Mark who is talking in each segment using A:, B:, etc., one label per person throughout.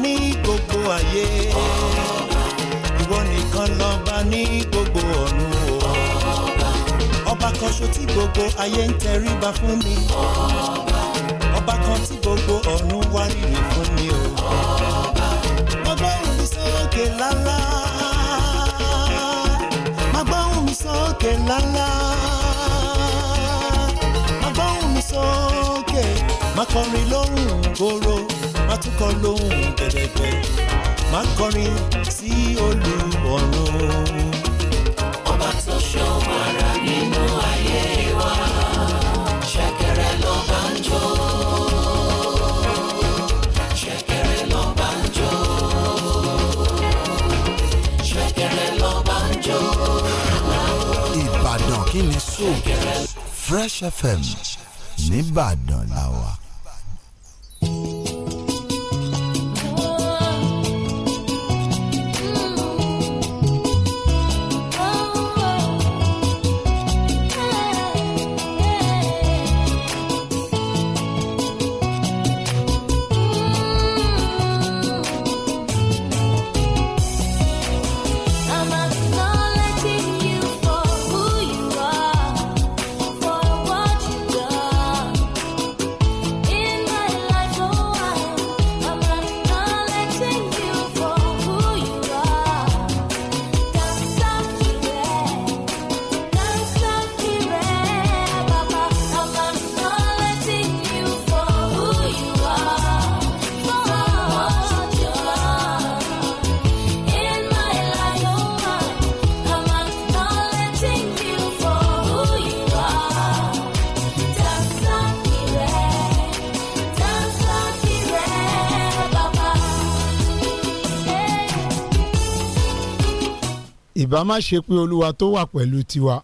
A: ní gbogbo ayé
B: ìwọ nìkan lọ́ba ní gbogbo ọ̀run o ọba kan ṣo tí gbogbo ayé ń tẹríba fún mi ọba kan tí gbogbo ọ̀run wá rírì fún mi o má gbóhùn mi sókè lálá má gbóhùn mi sókè lálá má gbóhùn mi sókè má kọrin lóhùn gbòòrò àtúkọ̀ lóhùn gẹ̀dẹ̀gbẹ̀ má kọrin sí olùwọ̀run. ọba tó ṣọwọ́
A: ara nínú ayé wa ṣẹ̀kẹ̀rẹ̀ ló bá ń jó.
C: Ìbàdàn kí ni soo Fresh FM nìbàdàn làwà.
D: àbá má ṣe pé olúwa tó wà pẹ̀lú tiwa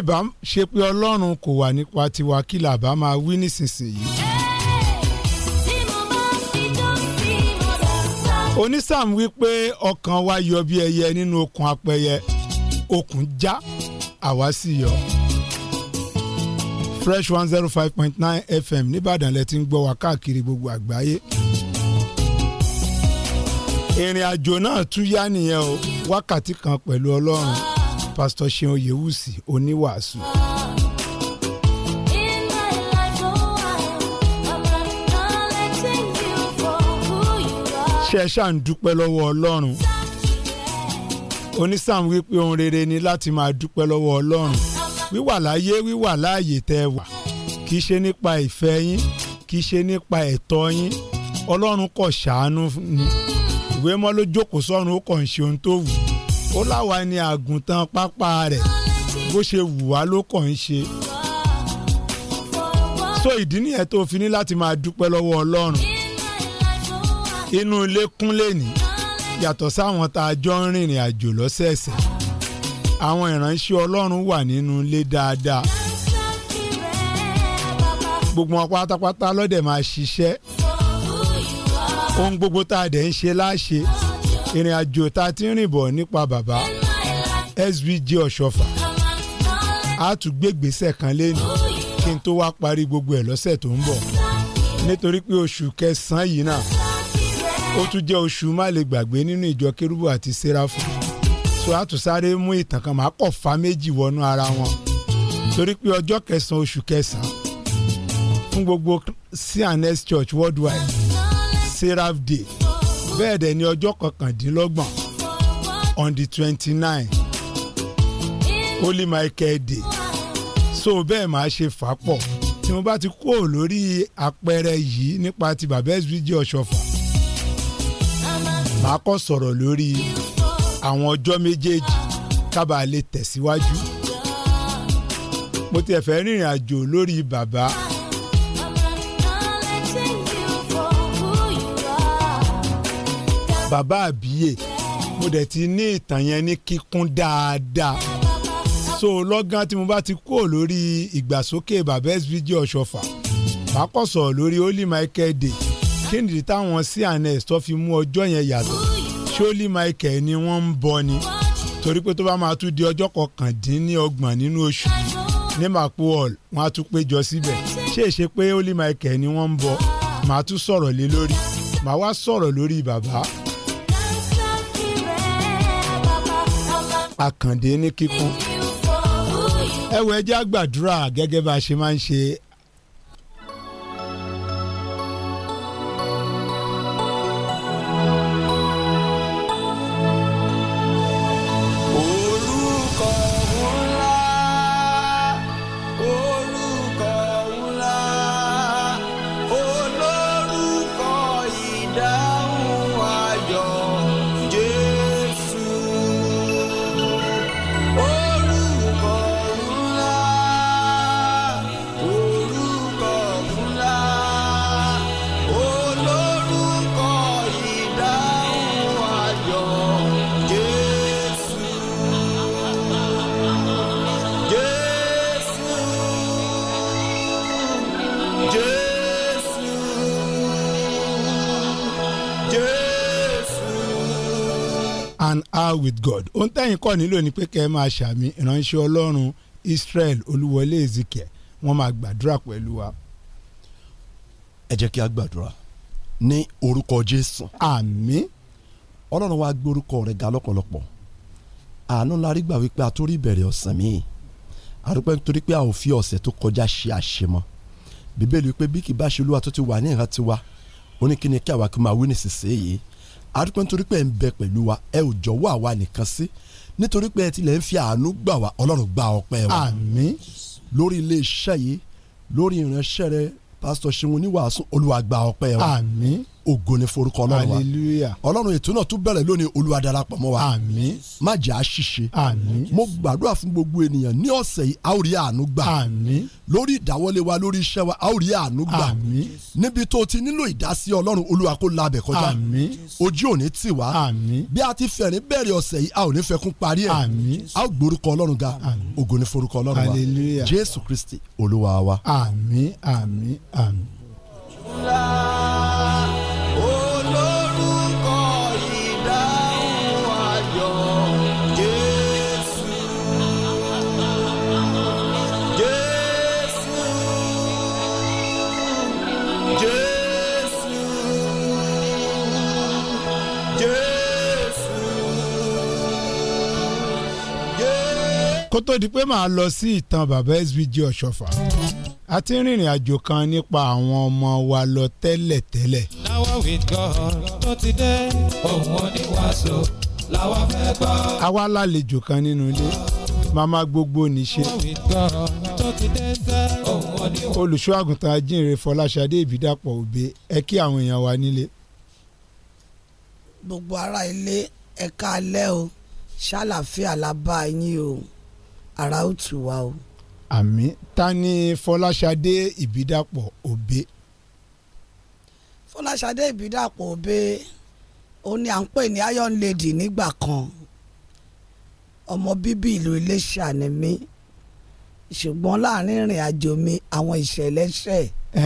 D: ìbá ṣe pé ọlọ́run kò wà nípa tiwa kí làbá máa wí nísinsìnyí. onísàm wípé ọkàn wa yọ bí ẹyẹ nínú okùn apẹyẹ okùn já àwa sì yọ. fresh one zero five point nine fm nìbàdàn lẹ ti ń gbọ́ wa káàkiri gbogbo àgbáyé ìrìn àjò náà tún yá nìyẹn o wákàtí kan pẹ̀lú ọlọ́run pásítọ̀ ṣeun yewusi oníwàásù. ṣe oh, ṣáà ń dúpẹ́ lọ́wọ́ ọlọ́run onísàm wípé ohun rere ni láti máa dúpẹ́ lọ́wọ́ ọlọ́run wíwà láyé wíwà láàyè tẹ́ ẹ wà kì í ṣe nípa ìfẹ́ yín kì í ṣe nípa ẹ̀tọ́ yín ọlọ́run kò ṣàánú ni ìwé mọ́ ló jókòó sọ́run ó kàn ṣe ohun tó wù ú ó láwa ni àgùntàn pápá rẹ̀ bó ṣe wù wá ló kàn ń ṣe so ìdí nìyẹn tó fi ní láti máa dúpẹ́ lọ́wọ́ Ọlọ́run inú ilé kúnlé ní yàtọ̀ sáwọn tá a jọ ń rìnrìn àjò lọ́sẹ̀ẹ̀sẹ̀ àwọn ìránṣẹ́ Ọlọ́run wà nínú ilé dáadáa gbogbo wọn pátápátá lọ́dẹ̀ máa ṣiṣẹ́ ohun gbogbo tá a dẹ̀ ń ṣe láṣe ìrìn àjò tá a ti ń rìn bọ̀ nípa bàbá SVG ọ̀ṣọ́fà a tún gbégbèsè kan lẹ́nu kí n tó wá parí gbogbo ẹ̀ lọ́sẹ̀ tó ń bọ̀ nítorí pé oṣù kẹsàn-án yìí náà ó tún jẹ́ oṣù má lè gbàgbé nínú ìjọ kérúbù àti séráfù so a tún sáré mú ìtàn kan màá kọ̀ fa méjì wọnú ara wọn torí pé ọjọ́ kẹsàn-án oṣù kẹsàn-án fún gbogbo CNS Church worldwide seraph day bẹ́ẹ̀ dẹ̀ ni ọjọ́ kọkàndínlọ́gbọ̀n on the twenty nine Holy Michael Day so bẹ́ẹ̀ máa ṣe fà pọ̀ tí mo bá ti kó lórí àpẹẹrẹ yìí nípa ti bàbá ẹ̀sìdíjì ọ̀ṣọ́fà màá kọ́ sọ̀rọ̀ lórí àwọn ọjọ́ méjèèjì kábà lè tẹ̀síwájú mo ti ẹ̀fẹ́ rìnrìn àjò lórí bàbá. bàbá àbíyè mo dẹ̀ ti ní ìtàn yẹn ní kíkún dáadáa so lọ́gán tí mo bá ti kúrò lórí ìgbàsókè bàbá svg ọ̀ṣọ́fà bákọ̀sọ̀ lórí holy michael day kí nìdí táwọn sí anes tó fi mú ọjọ́ yẹn yàtọ̀ ṣé holy michael ni wọ́n ń bọ ni torí pé tó bá máa tún di ọjọ́ kọkàndínlọ́gbọ̀n nínú oṣù ní mapo hall wọ́n á tún péjọ síbẹ̀ ṣé èṣe pé holy michael ni wọ́n ń bọ màá tún sọ̀rọ̀ lé lórí màá wá sọ̀rọ̀ lórí bàbá Àkàndé ní kíkún. ẹ wọ ẹjẹ́ àgbàdúrà gẹ́gẹ́ bá a ṣe máa ń ṣe And hour with God ohun tẹ́yìn kọ́ nílò ni pé kẹ́ ẹ máa ṣàmì ìránṣẹ́ ọlọ́run Israel olúwọlé
E: Ezike wọ́n máa gbàdúrà pẹ̀lú wa. ẹ jẹ́ kí a gbàdúrà ní orúkọ Jésù. àmín. ọlọ́run wa gbé orúkọ rẹ̀ ga lọ́pọ̀lọpọ̀ àánú la rí gbà wípé a tó ọ̀sán mi àdúpẹ́ nítorí pé a ò fi ọ̀sẹ̀ tó kọjá ṣe àṣemọ́ bíbélì wípé bí kì bá ṣe olúwa tó ti wà ní ìrántí wa ó ní kí ni kí àwa kí máa wí nísinsìnyí àdúpẹ́ nítorí pé ẹ̀ ń bẹ pẹ̀lú wa ẹ ò jọ̀wọ́ àwa nìkan sí nítorí pé ẹ tilẹ̀ ń fi àánú gbà wá ọlọ́run gba ọpẹ́ wa. àmín lórí iléeṣẹ́ yìí lórí ìránṣẹ́ rẹ pásítọ̀ ṣeun oníwàásù olúwa ọpẹ́ wa. àmín ògo ni forúkọ ọlọ́run wa hallelujah ọlọ́run ètò náà tún bẹ̀rẹ̀ lónìí olúwa darapọ̀ mọ́ wa àmín má jẹ́ àṣìṣe àmín mo gbàdúrà fún gbogbo ènìyàn ní ọ̀sẹ̀ yìí a àánú gbà àmín lórí ìdáwọ́lé wa lórí iṣẹ́ wa a àánú gbà àmín níbi tó ti nílò ìdásí ọlọ́run olúwa kó labẹ̀ kọjá àmín ojú ò ní tì wá àmín bí a ti fẹ̀rín bẹ̀rẹ̀ ọ̀sẹ̀ yìí a ò ní fẹkún parí ẹ̀ àmín a ó gborúkọ ọlọ́run ga ògo ni forúkọ ọlọ́run wa hallelujah jésù kristi
D: kó tó di pé màá lọ sí ìtàn bàbá SVG ọ̀ṣọ́fà a ti ń rìnrìn àjò kan nípa àwọn ọmọ wa lọ tẹ́lẹ̀
F: láwa with God tó ti dé òun oníwàásù làwa fẹ́ gbọ́.
D: àwa lálejò kan nínú ilé màmá gbogbo níṣe. olùṣọ́ àgùntàn ajínrere fọláṣadé ìbídàpọ̀ òbí ẹ kí àwọn èèyàn wa nílé.
G: gbogbo ará ilé ẹ̀ka alẹ́ o ṣàlàfíà la yín o ara ó tù wá o. àmín ta ni fọláṣadé ìbídàpọ̀ òbé. fọláṣadé ìbídàpọ̀ òbé ó ní à ń pè ní iron lady nígbà kan ọmọ bíbí ìlú iléṣà ni mí ṣùgbọ́n láàrin ìrìn àjò mi àwọn ìṣẹ̀lẹ̀ ṣẹ̀.
D: ẹ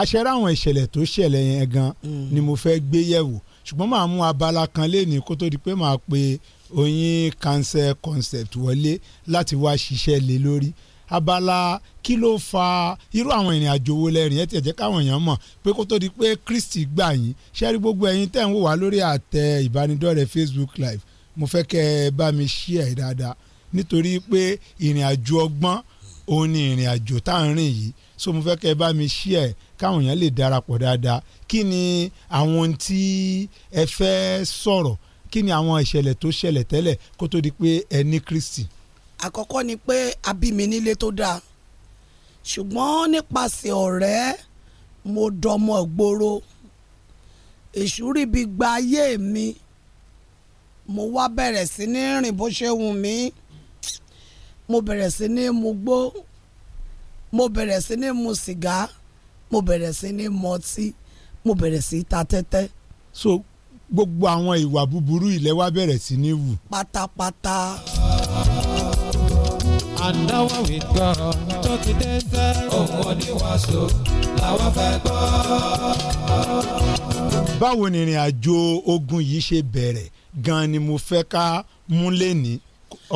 D: aṣẹ́rẹ́ àwọn ìṣẹ̀lẹ̀ tó ṣẹlẹ̀ yẹn gan mm. ni mo fẹ́ gbé yẹ̀wò ṣùgbọ́n màá mú abala kan léèní kó tó di pé màá pe oyin cancer concept wọlé láti wá ṣiṣẹ́ lé lórí abala kí ló fa irú àwọn ìrìn àjò wo lẹ́rìn ẹ̀ tiẹ̀ jẹ́ káwọn èèyàn mọ̀ pé kó tó di pé Kristi gbà yín ṣẹ́rí gbogbo ẹ̀yin tẹ̀ ń wò wá lórí àtẹ ìbánidọ́rẹ̀ẹ́ Facebook live mo fẹ́ kẹ́ ẹ bá mi ṣí ẹ̀ dáadáa nítorí pé ìrìn àjò ọgbọ́n òun ni ìrìn àjò tá à ń rìn yìí so mo fẹ́ kẹ́ ẹ bá mi ṣí ẹ̀ káwọn èèyàn lè darapọ̀ dáadáa kí ni àwọn tí ẹ fẹ́ sọ̀rọ̀ kí ni àwọn ìṣẹ̀lẹ̀ tó ṣẹlẹ̀ tẹ́lẹ̀ kó tó di pé ẹ ní Kristi.
G: àkọ́kọ́ ni pé a nílé tó dáa ṣùgbọ́n nípasẹ̀ ọ̀rẹ́ mo dọmọ ìgboro ìṣúríbi gba ayé mi mo wá bẹ̀rẹ̀ sí ní rìn bó ṣe wù mí mo bẹ̀rẹ̀ sí ní mu gbó mo bẹ̀rẹ̀ sí ní mu sìgá mo bẹ̀rẹ̀ sí ní mọtí mo bẹ̀rẹ̀ sí ta tẹ́tẹ́. so gbogbo àwọn ìwà búburú ilẹ̀ wa bẹ̀rẹ̀ sí ní wù. pátápátá.
F: àdáwọ̀ wí gbọ́rọ̀ tó ti dé sẹ́. òun oníwàásù làwọn fẹ́ gbọ́.
D: báwo ni ìrìn àjò ogun yìí ṣe bẹ̀rẹ̀ gan-an ni mo fẹ́ ká mú lẹ́ni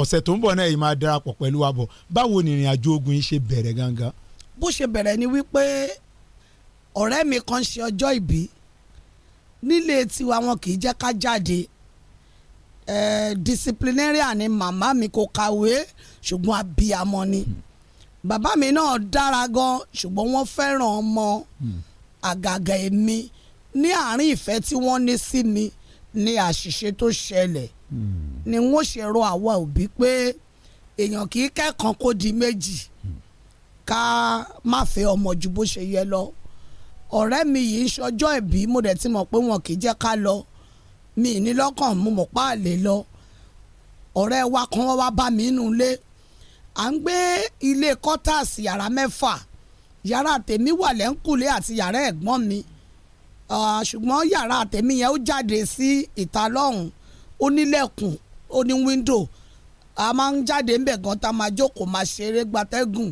D: ọ̀sẹ̀ tó ń bọ̀ náà yìí máa darapọ̀ pẹ̀lú wa bọ̀ báwo ni ìrìn àjò ogun yìí ṣe bẹ̀rẹ̀ gangan.
G: bó ṣe bẹ̀rẹ̀ ni wípé ọ̀rẹ́ mi kan ṣe ọjọ́ ìbí nílé tiwa wọn kì í jẹ́ ká jáde disciplinarian ni màmá mi kò kàwé ṣùgbọ́n abiyamọ ni hmm. bàbá mi náà dára gan ṣùgbọ́n wọ́n fẹ́ràn ọmọ hmm. àgàgà èmi ní àárín ìfẹ́ tí wọ́n ní sí mi ni àṣìṣe tó ṣẹlẹ̀ hmm. ni wọ́n ṣe rọ àwa òbí pé èèyàn kì í kẹ́kọ̀ọ́ kó di méjì ká má fẹ́ ọmọ ju bó ṣe yẹ lọ ọ̀rẹ́ mi yìí ń ṣọjọ́ ìbí mo dẹ̀ ti mọ̀ pé wọn kì í jẹ́ ká lọ mi ní lọ́kàn mo mọ̀ pa àlè lọ ọ̀rẹ́ wa kan wọ́n wá bá mi nínú ilé à ń gbé ilé quarters yàrá mẹ́fà yàrá tèmi wà lẹ́ńkùlé àti yàrá ẹ̀gbọ́n mi ṣùgbọ́n yàrá tèmi yẹn ó jáde sí ìta lọ́hùn ó nílẹ̀kùn ó ní wíńdò a máa ń jáde ńbẹ̀ gan tá máa jókòó máa ṣeré gbatẹ́gùn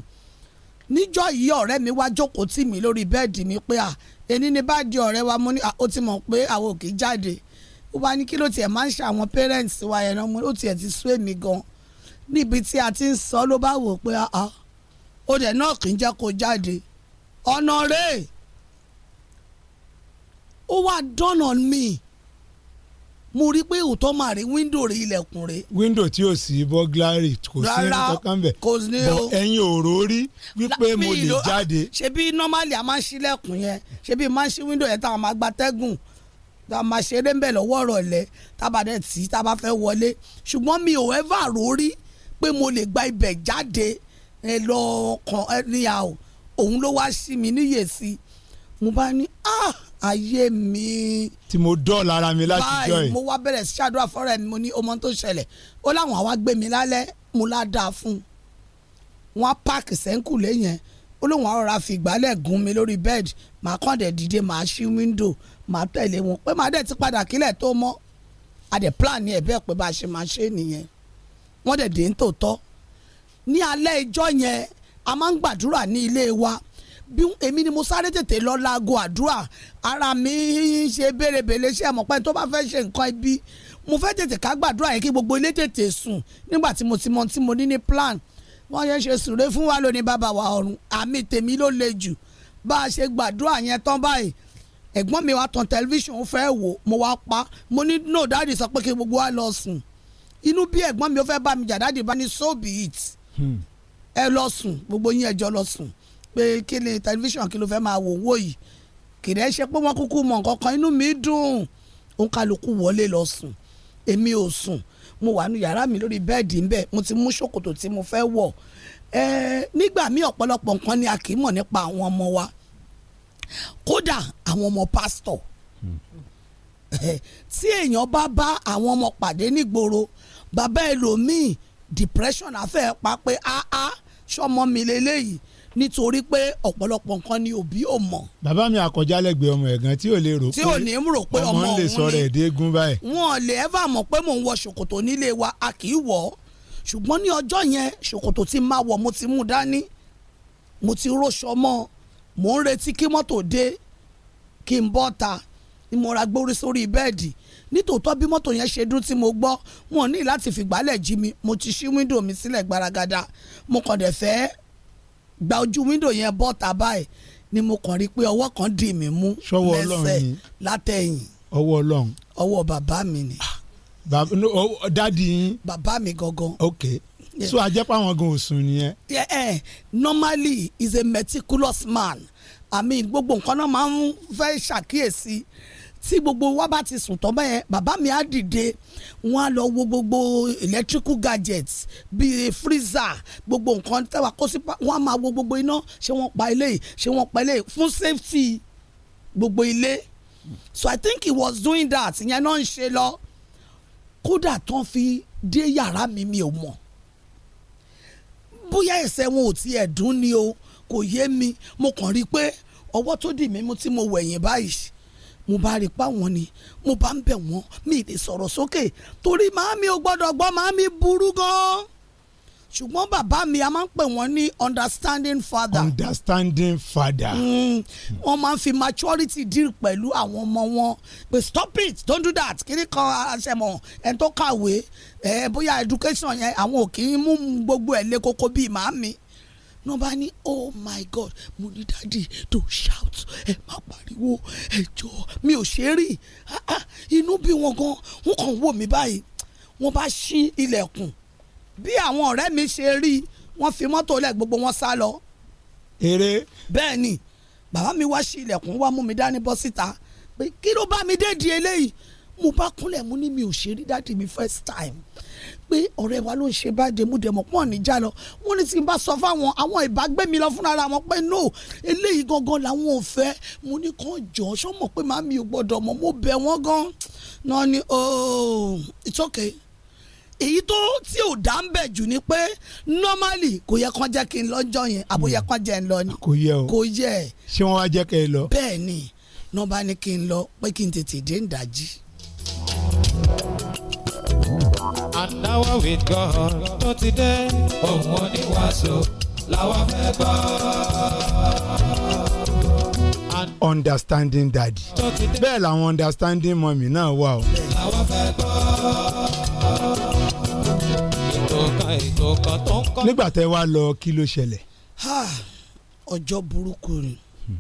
G: níjọ́ yìí ọ̀rẹ́ mi wá jókòó tì mí lórí bẹ́ẹ̀dì mi pé à èní ni bá di ọ̀rẹ́ wa mo ní ó ti mọ̀ pé àwọn òkè jáde ó wá ní kí ló tiẹ̀ máa ń ṣe àwọn parents wa yẹn náà ó tiẹ̀ ti sú èmi gan níbi tí a ti ń sọ ló bá wò pé àá ó dẹ̀ náà kì í jẹ́ kó jáde ọ̀nà rèé ó wá dán on me mo rí pé òótọ́ máa rí wíńdò rí ilẹ̀kùn rí.
D: wíńdò tí ò sí bọ́gláàrì kò sí kankan bẹ̀ kò ní o ẹ̀yin òró
G: rí wípé mo lè jáde. ṣebí normally a máa ń ṣílẹ̀kùn yẹn ṣebí máa ń ṣí wíńdò yẹn táwọn máa gba tẹ́gùn tá a máa ṣeré ń bẹ̀ lọ́wọ́ ìrọ̀lẹ́ tábàdẹ̀ tí tá fẹ́ wọlé ṣùgbọ́n mi ò ẹ́fà rórí pé mo lè gba ibẹ̀ jáde ẹ lọ kàn ẹ níyà o òun ló wá sí mi níyèsí mo bá ní ah ayé mi.
D: tí mo dọ́ lára mi láti jọ ẹ̀. báyìí mo
G: wá bẹ̀rẹ̀ sí ṣàdúrà fọ́rọ̀ mi mo ní ọmọ tó ṣẹlẹ̀ ó láwọn àwa gbé mi lálẹ́ mo lá dáa fún un wọ́n á páàkì sẹ́ńkùlé yẹn ó lóun àwọn ọ̀rá fi ìgbálẹ̀ gún mi lórí bẹ́ẹ̀dì màá kàn dẹ̀ dìde màá ṣí wíńdò màá tẹ̀lé wọn pé màá dẹ̀ ti padà kílẹ̀ tó mọ́ àdẹ̀ plan ni ẹ̀ bẹ́ẹ̀ pé bá a ṣe máa ṣe nìyẹn wọ́n dẹ̀ dé ń tòótọ́ ní alẹ́ ìjọ yẹn a máa ń gbàdúrà ní ilé wa bí èmi ni mo sáré tètè lọ laago àdúrà ara mi ṣe bérebèlè ṣe àmọ̀pẹ́ tó bá fẹ́ ṣe nǹkan ibi mo fẹ́ tètè ká gbàdúrà yẹn kí gbogbo ilé tètè sùn nígbà tí mo ti mọ tí mo ní ní plan wọ́n yẹn ṣe sùúrẹ́ fún wa lónìí bàbá wa ọ̀run àmì tèmi ló le jù bá a ṣe gbàdúrà yẹn tán báyìí ẹ̀gbọ́n mi wa tan tẹlifíṣàn fẹ́ wò mo wá pa mo ní no dáàdì sọ pé kí gbogbo wa lọ sùn inú bí ẹ̀gbọ́n mi ó fẹ́ bá mi jà dáàdì bá ní so be it hmm. ẹ lọ sùn gbogbo yín ẹjọ́ lọ sùn pé kí ni tẹlifíṣàn kí ló fẹ́ máa wò wò yìí kìrẹ́ ṣe pé wọ́n kúkú mọ̀ nǹkan kan inú mi dùn òun kálukú wọlé lọ sùn èmi ò sùn mo wà nù yàrá mi lórí bẹ́ẹ̀dì ńbẹ̀ mo ti mú ṣòkòtò tí mo fẹ́ wọ̀ nígbà míì ọ̀pọ̀lọpọ̀ nǹkan ni a kì í mọ̀ nípa àwọn ọmọ wa kódà àwọn ọmọ pásítọ̀ tí èèyàn bá bá àwọn ọmọ pàdé nígboro bàbá ẹlòmíì depression afẹ́ pa pé áá sọmọ mi lélẹ́yìí nítorí pé ọ̀pọ̀lọpọ̀ nǹkan ni òbí ò mọ̀. bàbá mi àkọjá lẹ́gbẹ̀ẹ́ ọmọ ẹ̀gán tí ò lè rò pé tí ò ní rò pé ọmọ òun ni ọmọ lè sọ̀rọ̀ ẹ̀ẹ́dẹ́gún báyìí. wọn lè ẹ́ bá mọ̀ pé mò ń wọ ṣòkòtò nílé wa a kì í wọ̀ ṣùgbọ́n ní ọjọ́ yẹn ṣòkòtò tí máa wọ̀ mo ti mú dání mo ti róṣọ mọ́ mò ń retí kí mọ́tò dé kí n bọ́ ta ni mo ra gbórí sórí bẹ́ẹ̀dì nítòótọ́ bí mọ́tò yẹn ṣe dún tí mo gbọ́ wọn ní láti fìgbálẹ̀ jí mi mo ti ṣí wíńdò mi sílẹ̀ gbaragada mo kàn dẹ̀ fẹ́ gba ojú wíńdò yẹn bọ́ta báyìí ni mo kàn rí pé ọwọ́ kan dì mí mú lẹ́sẹ̀ látẹ̀yìn ọwọ́ ọlọ́run ọwọ́ bàbá mi ni. Ah, dádì yín. bàbá mi gangan. ok so ajẹ́ pé gan ò nìyẹn. Eh, normally is a meticulous man i mean gbogbo nǹkan náà máa ń fẹ́ ṣàkíyèsí tí gbogbo wa bá ti sùn tọ́mọ́ yẹn bàbá mi á dìde wọ́n á lọ wo gbogbo electrical gadgets bíi freezer gbogbo nǹkan tẹ́wà kó sí wọ́n á máa wo gbogbo iná ṣé wọ́n pa eléyìí ṣé wọ́n pa eléyìí fún safety gbogbo ilé so I think he was doing that ìyẹn náà ń ṣe lọ kódà tán fi dé yàrá mi mi ò mọ̀ bóyá ẹsẹ̀ wọn ò tiẹ̀ dùn ni o kò yé mi mo kàn rí i pé ọwọ́ tó dì mí mú tí mo wẹ̀yìn báyìí mo bá rí pa wọn ni mo bá ń bẹ̀ wọ́n mi lè sọ̀rọ̀ sókè torí màámi ò gbọ́dọ̀ gbọ́ màámi burú gan-an ṣùgbọ́n bàbá mi a máa ń pè wọ́n ní understanding father. understanding father. Mm. wọ́n máa ń fi maturity deal pẹ̀lú àwọn ọmọ wọn pé stop it don't do that kíní kan àṣẹmọ̀ ẹni tó kàwé bóyá education yẹn àwọn ò kì í mú gbogbo ẹ̀ lé koko bíi màámi náà bá oh my god mo ní dáàdì tó shout ẹ má pariwo ẹ jọ mi ò ṣe é rí ah, ah, inú bí wọn gan wọn kàn wò mí báyìí wọn bá ṣí ilẹ̀kùn bí àwọn ọ̀rẹ́ mi ṣe rí wọn fi mọ́tò lẹ̀ gbogbo wọn sá lọ. eré. bẹ́ẹ̀ ni bàbá mi wá ṣí ilẹ̀kùn wá mú mi dání bọ́ síta pé kí ló bá mi dé di eléyìí mo bá kúnlẹ̀ mú ní mi ò ṣe rí dáàdì mi first time pé ọ̀rẹ́ wa ló ń ṣe bá dèmúdèmọ̀ pọ̀ níjà lọ wọ́n ní tí n bá sọ fáwọn àwọn ìbágbẹ́mi lọ fúnra ara wọn pé no eléyìí gangan làwọn ò fẹ́ mo ní kàn jọ sọmọ pé màmí ò gbọ́dọ̀ mọ̀ mo bẹ̀ wọ́n gan náà ni ooo it's okay èyí tó tí ò dá ń bẹ̀ jù ni pé normally kò yẹ kán jẹ́ kí n lọ́jọ́ yẹn àbò yẹ hmm. kán jẹ́ ń lọ ni. kò yẹ o kò yẹ. ṣé wọ́n wá jẹ́ kẹ́ ẹ lọ. bẹ́ẹ̀ ni nọ́mbà ni kí n lọ pé kí n tètè dé ń dájí
F: dáwọ́ with God tó ti dé. Òun oníwàásù làwọn fẹ́ gbọ́.
D: understanding daddy bẹ́ẹ̀ làwọn understanding mọ̀mí náà wà o. làwọn fẹ́ gbọ́ nígbà tẹ wá lọ kí ló ṣẹlẹ̀.
G: ọjọ́ burúkú ni hmm.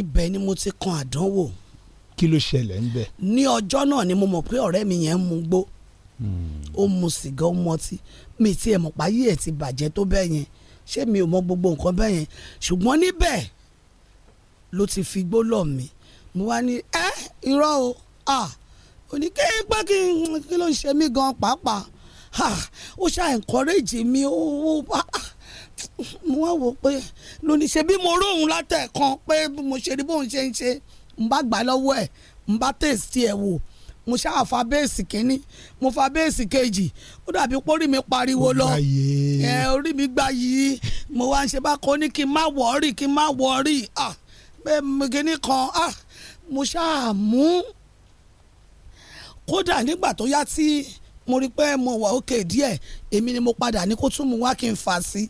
G: ibẹ̀ ni mo ti kan àdánwò. kí ló ṣẹlẹ̀ ń bẹ̀. ní ọjọ́ náà ni mo mọ̀ pé ọ̀rẹ́ mi yẹn ń mu gbó ó mu sìgá ó mu ọtí mi tiẹ̀ mọ̀ páyé ẹ̀ ti bàjẹ́ tó bẹ́ẹ̀ yẹn ṣé mi ò mọ gbogbo nǹkan bẹ́ẹ̀ yẹn ṣùgbọ́n níbẹ̀ ló ti fi igbó lọ̀ mí mo wá ní ẹ irọ́ o òní kéèpé kí kí ló ń ṣe mí gan pàápàá ó ṣá encourage mi ó mo wá wò pé lónìí ṣe bí mo róhùn látẹ̀kan pé mo ṣe ní bóun ṣe ń ṣe ń bá gbà lọ́wọ́ ẹ̀ ń bá tèsí ẹ̀ wò mo ṣáà fa béèsì kínní mo fa béèsì kejì ó dàbí pórí mi pariwo lọ ẹ orí mi gba yìí mo wá ń ṣe bá kọ́ ní kí n má wọ́ọ̀rì kí n má wọ́ọ̀rì bẹ́ẹ̀ kínní kan mo ṣáà mú kódà nígbà tó yá tí mo rí pé mo wà òkè díẹ̀ èmi ni mo padà ní kó tún mu wá kí n fà sí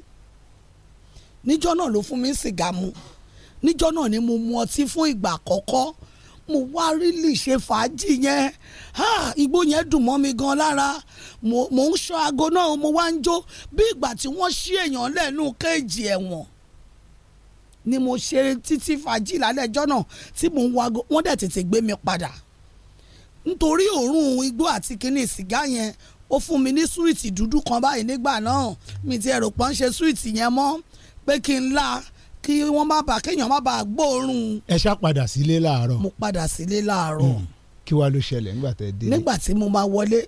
G: níjọ́ náà ló fún mi sìgá mu níjọ́ náà ni mo mu ọtí fún ìgbà àkọ́kọ́ mo wá rí lì ṣe fàájì yẹn igbó yẹn dùn mọ́ mi gan lára mo ń ṣọ́ aago náà mo wá ń jó bí ìgbà tí wọ́n ṣí èèyàn lẹ́nu kéèjì ẹ̀wọ̀n ni mo ṣe títí fàájì lálẹ́ ẹjọ́ náà tí mo ń wago wọ́n dẹ̀ tètè gbé mi padà nítorí òórùn igbó àti kínní sìgá yẹn ó fún mi ní súwìtì dúdú kan báyìí nígbà náà mi ti ẹ̀rọ pọ́n ṣe súwìtì yẹn mọ́ pé kí n la kí wọ́n má bàa kéèyàn má bàa gbóòórùn. ẹ ṣá padà sílé láàárọ̀. mo padà sílé láàárọ̀. Hmm. kí wàá ló ṣẹlẹ̀ nígbà tẹ́ dé. nígbà tí mo máa wọlé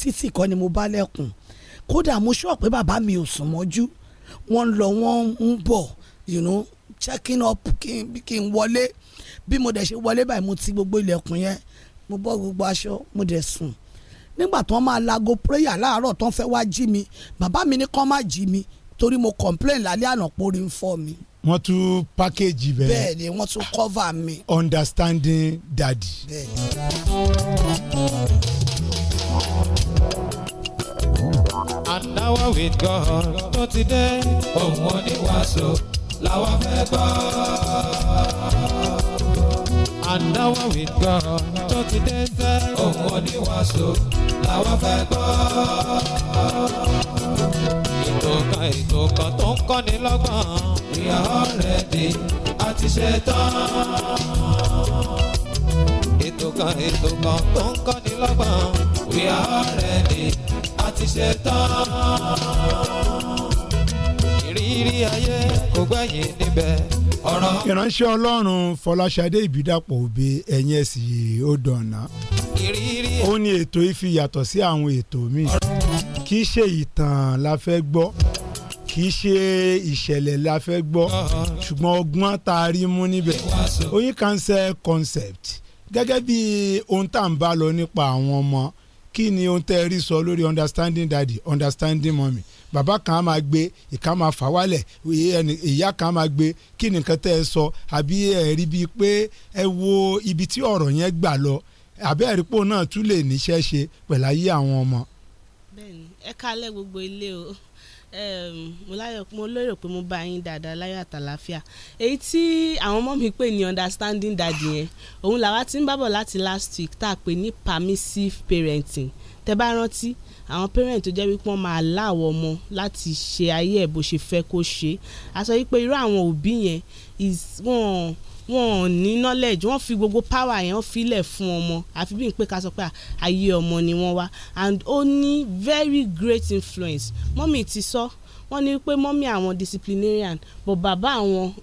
G: títì kan ni mo bá lẹ́kùn kódà mo sọ pé bàbá mi ò sùn mọ́jú wọ́n lọ wọ́n ń bọ̀ you know checking up kí n wọlé bí mo dẹ̀ ṣe wọlé báyìí mo ti gbogbo ilẹ̀kùn yẹn mo bọ́ gbogbo aṣọ mo dẹ̀ sùn nígbà tí wọ́n máa lago prayer láàárọ̀ tí wọ́n fẹ́ wá jí mi bàbá mi ní kán má jí mi torí mo complain lálẹ́ àná porí ń fọ́ mi. wọ́n tún package bẹ́ẹ̀. bẹ́ẹ̀ ni wọ́n tún cover mi. understanding
D: daddy. bẹ́ẹ̀
F: with God tó ti dé òun oníwàásù làwọn fẹ́ gbọ́ and with God tó ti dé sẹ́. Òun oníwàásù làwọn fẹ́ gbọ́ ètò kan tó ń kọ́ni lọ́gbọ̀n. We are all ready a ti ṣe tó ń kọ́ni lọ́gbọ̀n. We are all ready a ti ṣe tán. ìrírí ayé kò gbẹ̀yìn níbẹ̀
D: ìránṣẹ́ ọlọ́run fọláṣadé ìbídàpọ̀ òbí ẹ̀yìn ẹ̀sìn òdànà ó ní ètò ìfi yàtọ̀ sí àwọn ètò míì kì í ṣe ìtàn la fẹ́ gbọ́ kì ṣe ìṣẹ̀lẹ̀ la fẹ́ gbọ́ ṣùgbọ́n ọgbọ́n tá a rí mú níbẹ̀ oyin cancer concept gẹ́gẹ́ bí ohun tá à ń bá lọ nípa àwọn ọmọ kí ni ohun tẹ́ ẹ rí sọ lórí understanding daddy understanding mommy bàbá kan á máa gbé ìka máa fà wálẹ̀ ìyá kan á máa gbé kí ni nǹkan tẹ́ ẹ sọ àbí ẹ rí bíi pé ẹ wo ibi tí ọ̀rọ̀ yẹn gbà lọ àbẹ́ẹ̀rípò náà tún lè níṣẹ́ ṣe pẹ̀láyé àwọn ọmọ
H: ẹ kálẹ̀ gbogbo ilé o mo láyọ̀ mo lérò pé mo bá yín dáadáa láyọ̀ àtàlàáfíà èyí tí àwọn ọmọ mi pè ní understanding daddy yẹn òun làwa ti ń bábọ̀ láti last week tá a pè ní permissive parenting tẹ bá rántí àwọn parent tó jẹ́ wípé wọ́n máa láwọ̀ ọmọ láti ṣe ayé ẹ̀ bó ṣe fẹ́ kó ṣe a sọ wípé irú àwọn òbí yẹn is wọ́n. Well, wọn ní knowledge wọn fi gbogbo power yẹn wọn filẹ̀ fún ọmọ àfi bí n pé ká sọ pé ayé ọmọ ni wọ́n wá and ó ní very great influence mọ́mì ti sọ wọ́n ní pé mọ́mì àwọn disciplinarian but bàbá àwọn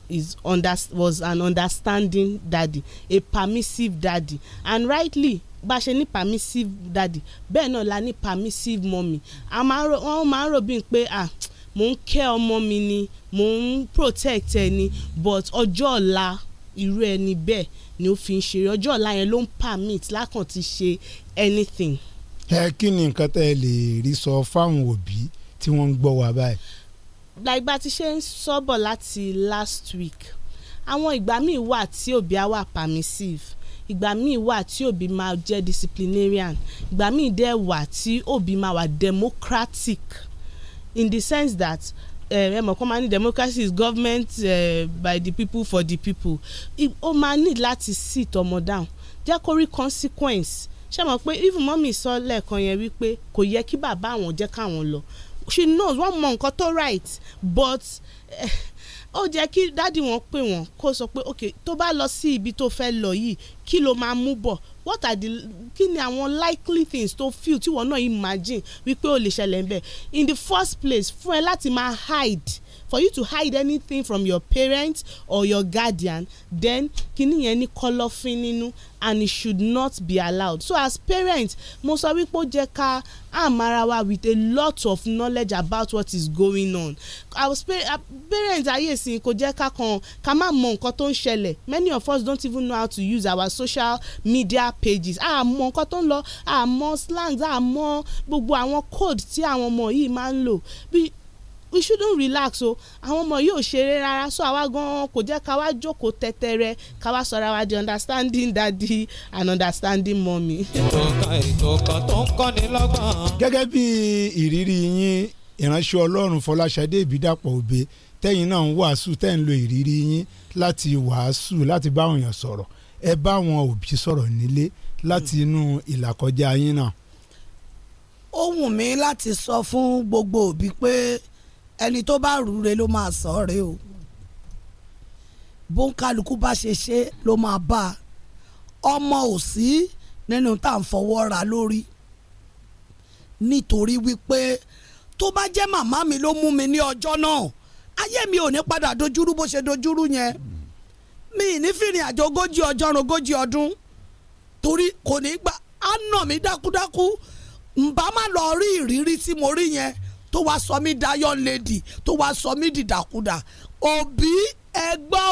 H: was an understanding daddy a permissive daddy and rightly bá a ṣe ní permissive daddy bẹ́ẹ̀ náà la ní permissive mọ́mì wọ́n máa ń rò bí n pé ah mò ń kẹ́ ọmọ mi ni mò ń protect ni but ọjọ́ ọ̀la irú ẹni bẹ́ẹ̀ ni ó fi ń ṣeré ọjọ́ ọ̀la yẹn ló ń permit lákàn ti ṣe anything.
D: ẹ kí ni nǹkan tẹ́ ẹ lè rí sọ fáwọn òbí tí wọ́n ń gbọ́ wa báyìí.
H: làìgbà tí ṣe ń sọ́bọ̀ láti last week àwọn ìgbà míì wà tí òbí á wà permissive ìgbà míì wà tí òbí máa jẹ́ disciplinarian ìgbà míì dẹ̀ wà tí òbí máa wà democratic in the sense that Um, ẹ mọ̀ kọ́ máa ní democracy is government uh, by the people for the people ó máa ní láti sí ìtọ́mọ down jẹ́ kó rí consequence ṣé mọ̀ pé even mọ́mì sọ lẹ́ẹ̀kan yẹn wípé kò yẹ kí bàbá àwọn jẹ́ káwọn lọ she knows wọ́n mọ nǹkan tó right but. Uh, ó jẹ́ kí dádì wọn pè wọ́n kó sọ pé ok tó bá lọ sí ibi tó fẹ́ lọ yìí kí ló máa mú bọ̀ what are the kí ni àwọn likely things to feel tí wọn náà imagine wípé ó lè ṣẹlẹ̀ ń bẹ̀ in the first place fún ẹ láti máa hide for you to hide anything from your parents or your guardian then kini yẹn ní kọ̀lọ̀fín nínú and it should not be allowed so as parents mo sọ wípé ó jẹ́ ká àmàrà with a lot of knowledge about what is going on as parents ayé ìsìn kò jẹ́ ká kan ká má mọ nǹkan tó ń ṣẹlẹ̀ many of us don't even know how to use our social media pages a mọ nǹkan tó ń lọ a mọ slangs a mọ gbogbo àwọn code tí àwọn ọmọ yìí máa ń lò bí we shouldn't relax o àwọn ọmọ yóò ṣeré rárá so àwa gan-an kò jẹ́ ká wá jókòó tẹ́tẹ́rẹ́ ká wá sọra wa di understanding daddy and understanding mommy.
F: ìtọ́ka ìtọ́ka tó ń kọ́ni lọ́gbọ̀n.
D: gẹ́gẹ́ bí ìrírí yín ìránṣẹ́ ọlọ́run fọláṣadé ìbídàpọ̀ òbe tẹ́yìn náà ń wàásù tẹ́ ń lo ìrírí yín láti wàásù láti bá àwọn èèyàn sọ̀rọ̀ ẹ bá àwọn òbí sọ̀rọ̀ nílé láti inú ìlàkọjá yín náà.
G: ó wù mí láti sọ fún gbogbo òbí pé ẹni tó bá rúre ló máa sọ ọ́ o bóńkálukú bá ṣe ṣe ló máa bá a ọmọ ò sí nínú tá à ń fọwọ́ ra lórí nítorí wípé tó bá jẹ́ màmá mi ló mú mi ní ọjọ́ náà ayé mi ò ní padà dojúrú bó ṣe dojúrú yẹn mi ní àjọ àjò ogójì ọjọ́ ogójì ọdún torí kò ní gbà á nà mí dákúdákú ǹbá má lọ rí ìrírí tí mo rí yẹn tó wá sọ mí dayọ̀ lady tó wá sọ mí dìdàkudà òbí ẹgbọ́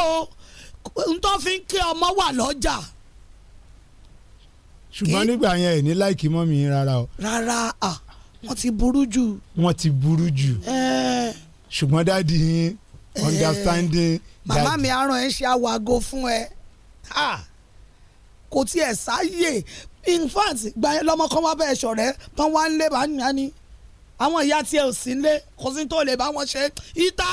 G: o ntọ́ fi ń ké ọmọ wà lọ́jà. ṣùgbọ́n nígbà
D: yẹn ẹ̀ ní láìkí mọ́ mi rárá o.
G: rárá à
D: wọ́n ti burú jù. wọ́n ti burú jù. ṣùgbọ́n dáàdi yín
G: understanding. màmá mi aràn ẹ ṣe àwàgo fún ẹ kò tiẹ̀ sáyè in fact gbàyẹn lọ́mọ kan wá bẹ́ẹ̀ ṣọ̀rẹ́ tán wá ń lé bá ń yá ni àwọn ìyá tiẹ̀ ò sí nílé kò sí tó lè bá wọn ṣe ìta.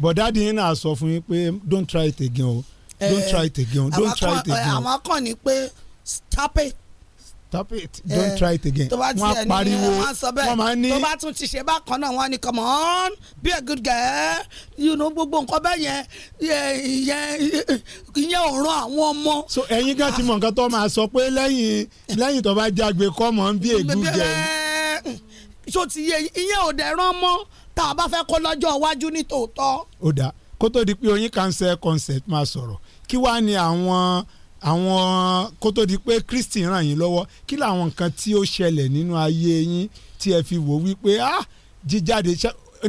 D: bọ̀dáàdì yín náà sọ fún yín pé don't try it again o eh, don't try it again don't try it again. àwọn
G: kan ní pé stop it stop it don't eh, try it again. tó bá tiẹ̀ ní wọ́n sọ bẹ́ẹ̀ tó bá tún ti ṣe bákan náà wọ́n ní come on be a good girl you know gbogbo nǹkan bẹ́ẹ̀ yẹn ìyẹn ìyẹn ọ̀ràn àwọn ọmọ. so ẹ̀yin kan ti mọ̀ nǹkan tó máa sọ pé lẹ́yìn lẹ́yìn tó bá jágbe come on be a good girl tó ti yẹ ìyẹn ò dẹ̀rán mọ́ tá a bá fẹ́ kó lọ́jọ́ iwájú ní tòótọ́.
D: ó dáa kó tó di pé oyin cancel concept máa sọ̀rọ̀
G: kí wàá ní àwọn
D: àwọn kó tó di pé Kristi ràn yín lọ́wọ́ kí làwọn nǹkan tí ó ṣẹlẹ̀ nínú ayé yín tí ẹ fi wò wípé ah jíjáde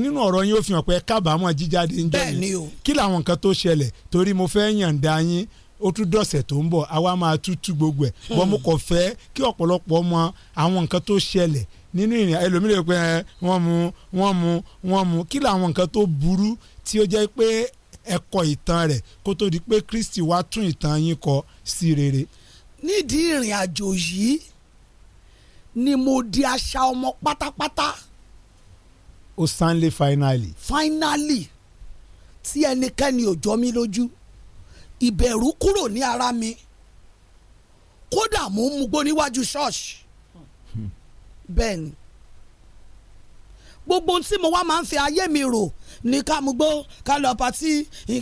D: nínú ọ̀rọ̀ yín ó fi hàn pé kábàámọ̀ jíjáde ń jẹ́ ni kí làwọn nǹkan tó ṣẹlẹ̀ torí mo fẹ́ yàǹda yín ó tún dọ̀sẹ̀ tó ń bọ̀ àwa máa tútú gbogbo ẹ̀ hmm. bọ́n mo kàn fẹ́ kí ọ̀pọ̀lọpọ̀ mọ àwọn nǹkan tó ṣẹlẹ̀ nínú ìrìn ẹlòmíràn pé wọ́n mu wọ́n mu wọ́n mu kí làwọn nǹkan tó burú tí ó jẹ́ pé ẹ̀kọ́ ìtàn rẹ̀ kó tó di pé Kristi wá tún ìtàn yín kọ sí rere.
G: nídìí ìrìn àjò yìí ni mo di aṣa ọmọ pátápátá.
D: ó sanlé finally.
G: finally tí ẹnikẹ́ni ò jọ mí lójú ìbẹ̀rù kúrò ní ara mi kódà mò ń mugbó níwájú ṣọ́ọ̀ṣì bẹ́ẹ̀ ni gbogbo ohun tí mo wá máa ń fi ayé mi rò ní ká mú gbó ká lọ patí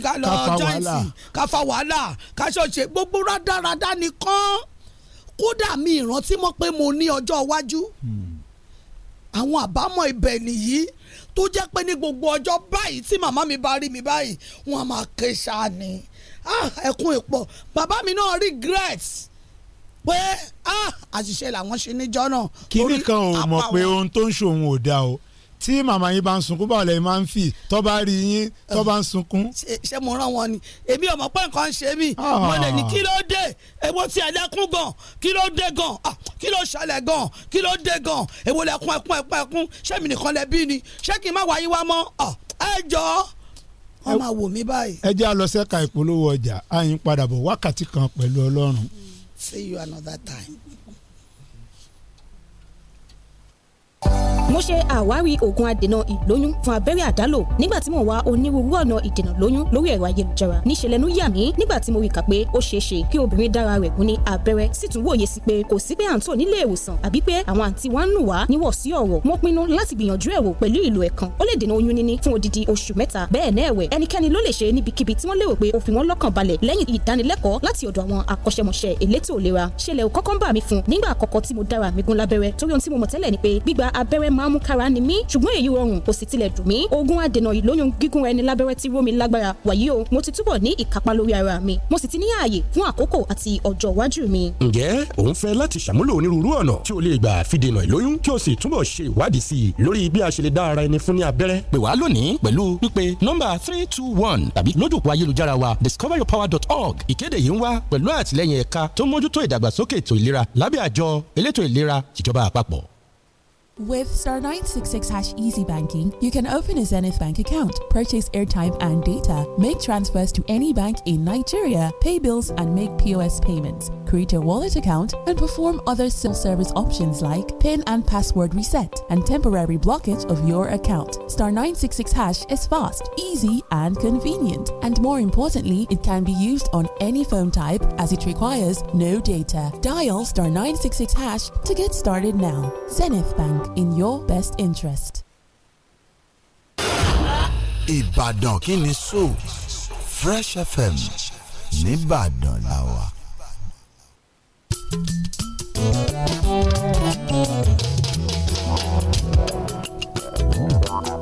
G: ká lọ jọ́ìntì ká fa wàhálà ká ṣọ̀ṣe gbogbo rádaràdá nìkan kódà mi ìrántí mọ́ pé mo ní ọjọ́ iwájú hmm. àwọn àbámọ̀ ibẹ̀ nìyí tó jẹ́ pé ní gbogbo ọjọ́ báyìí tí màmá mi bá rí mi báyìí wọ́n máa ké ṣáà ni ah, ẹkún ìpọ̀ bàbá mi náà regret. No pé ah, àṣìṣe làwọn ṣe níjọ́ náà.
D: kíní kan ò mọ̀ pé ohun tó ń ṣòun ò dáa o tí màmá yín bá ń sunkún báwo lẹ́yìn máa ń fì tó bá rí yín tó bá
G: ń sunkún. ṣé mo rán wọn ni èmi ò mọ̀ pé nǹkan ń ṣe mí
I: ah. mo lè ní kí
G: ló dé èwo tí ẹlẹ́kún gan kí ló dé gan ah, kí ló ṣẹlẹ̀ gan kí ló dé gan èwo lẹ́kún ẹkún ẹkún ẹkún ṣé mi nìkan lẹ bí ni ṣé kí n má wáyé wá mọ́ ẹ jọ̀ọ́
D: wọ́n máa wò mí báyìí. ẹ jẹ́ àlọ́sẹ́ka ìpolówó ọjà àyìn padà bọ̀ wákàtí kan pẹ̀lú ọlọ́run. Mm.
G: See you another time.
H: mo ṣe àwárí oògùn adènà ìlóyún fún abẹ́rẹ́ àdálò nígbà tí mo wá onírúurú ọ̀nà ìdènà lóyún lórí ẹ̀rọ ayélujára níṣẹ́ lẹ́nu yà mí nígbà tí mo rí kà pé ó ṣeé ṣe kí obìnrin dára rẹ̀ gún ní abẹ́rẹ́ sì tún wòye sí pé kò sí pé à ń tò nílé ìwòsàn àbí pé àwọn àǹtí wa ń nù wá níwọ̀ sí ọ̀rọ̀ mo pinnu láti gbìyànjú ẹ̀rọ pẹ̀lú ìlò ẹ̀kan ó lè dènà oyún níní fún odidi oṣù mẹ́ta bẹ́ẹ̀ náà ẹ̀wẹ̀ ẹnikẹ́ni ló lè ṣe níbikíbi tí wọ́n lérò pé ó fi wọ́n lọ́kàn balẹ̀ lẹ́yìn ìdánilẹ́kọ̀ọ́ láti ọ̀dọ̀ àwọn akọ́ṣẹ́mọṣẹ́ elétò ìlera ṣẹlẹ̀ mo dára mi gún lábẹ́rẹ́ máa ń mú kára ni mí ṣùgbọ́n èyí rọrùn kò sì tilẹ̀ dùn mí oògùn adènà ìlóyún gígùn ẹni lábẹ́rẹ́ tí rómi lágbára wàyí o mo ti túbọ̀ ní ìkápá lórí ara mi mo sì ti ní ààyè fún àkókò àti ọjọ́ iwájú mi.
E: ǹjẹ́ ò ń fẹ́ láti ṣàmúlò onírúurú ọ̀nà tí o lè gbà fi dènà ìlóyún kí o sì túbọ̀ ṣe ìwádìí sí i lórí bí a ṣe lè dá ara ẹni fún ní abẹ́rẹ́ pè wá lónìí pẹ̀lú pípe nọ́mbà three two one tàbí lójúpọ̀ ayélujára wa discoveryourpower.org ìkéde yìí ń wá pẹ̀lú àtìlẹ́yìn ẹ̀ka tó mójútó ìdàgbàsókè ètò ìlera lábẹ́ àjọ elétò ìlera ìjọba àpapọ̀.
H: With star 966 hash easy banking, you can open a Zenith Bank account, purchase airtime and data, make transfers to any bank in Nigeria, pay bills and make POS payments, create a wallet account, and perform other self-service options like PIN and password reset and temporary blockage of your account. Star 966 hash is fast, easy, and convenient. And more importantly, it can be used on any phone type as it requires no data. Dial star 966 hash to get started now. Zenith Bank. in your best interest.
E: Ìbàdàn kí ni
C: so Fresh FM nìbàdàn la wà.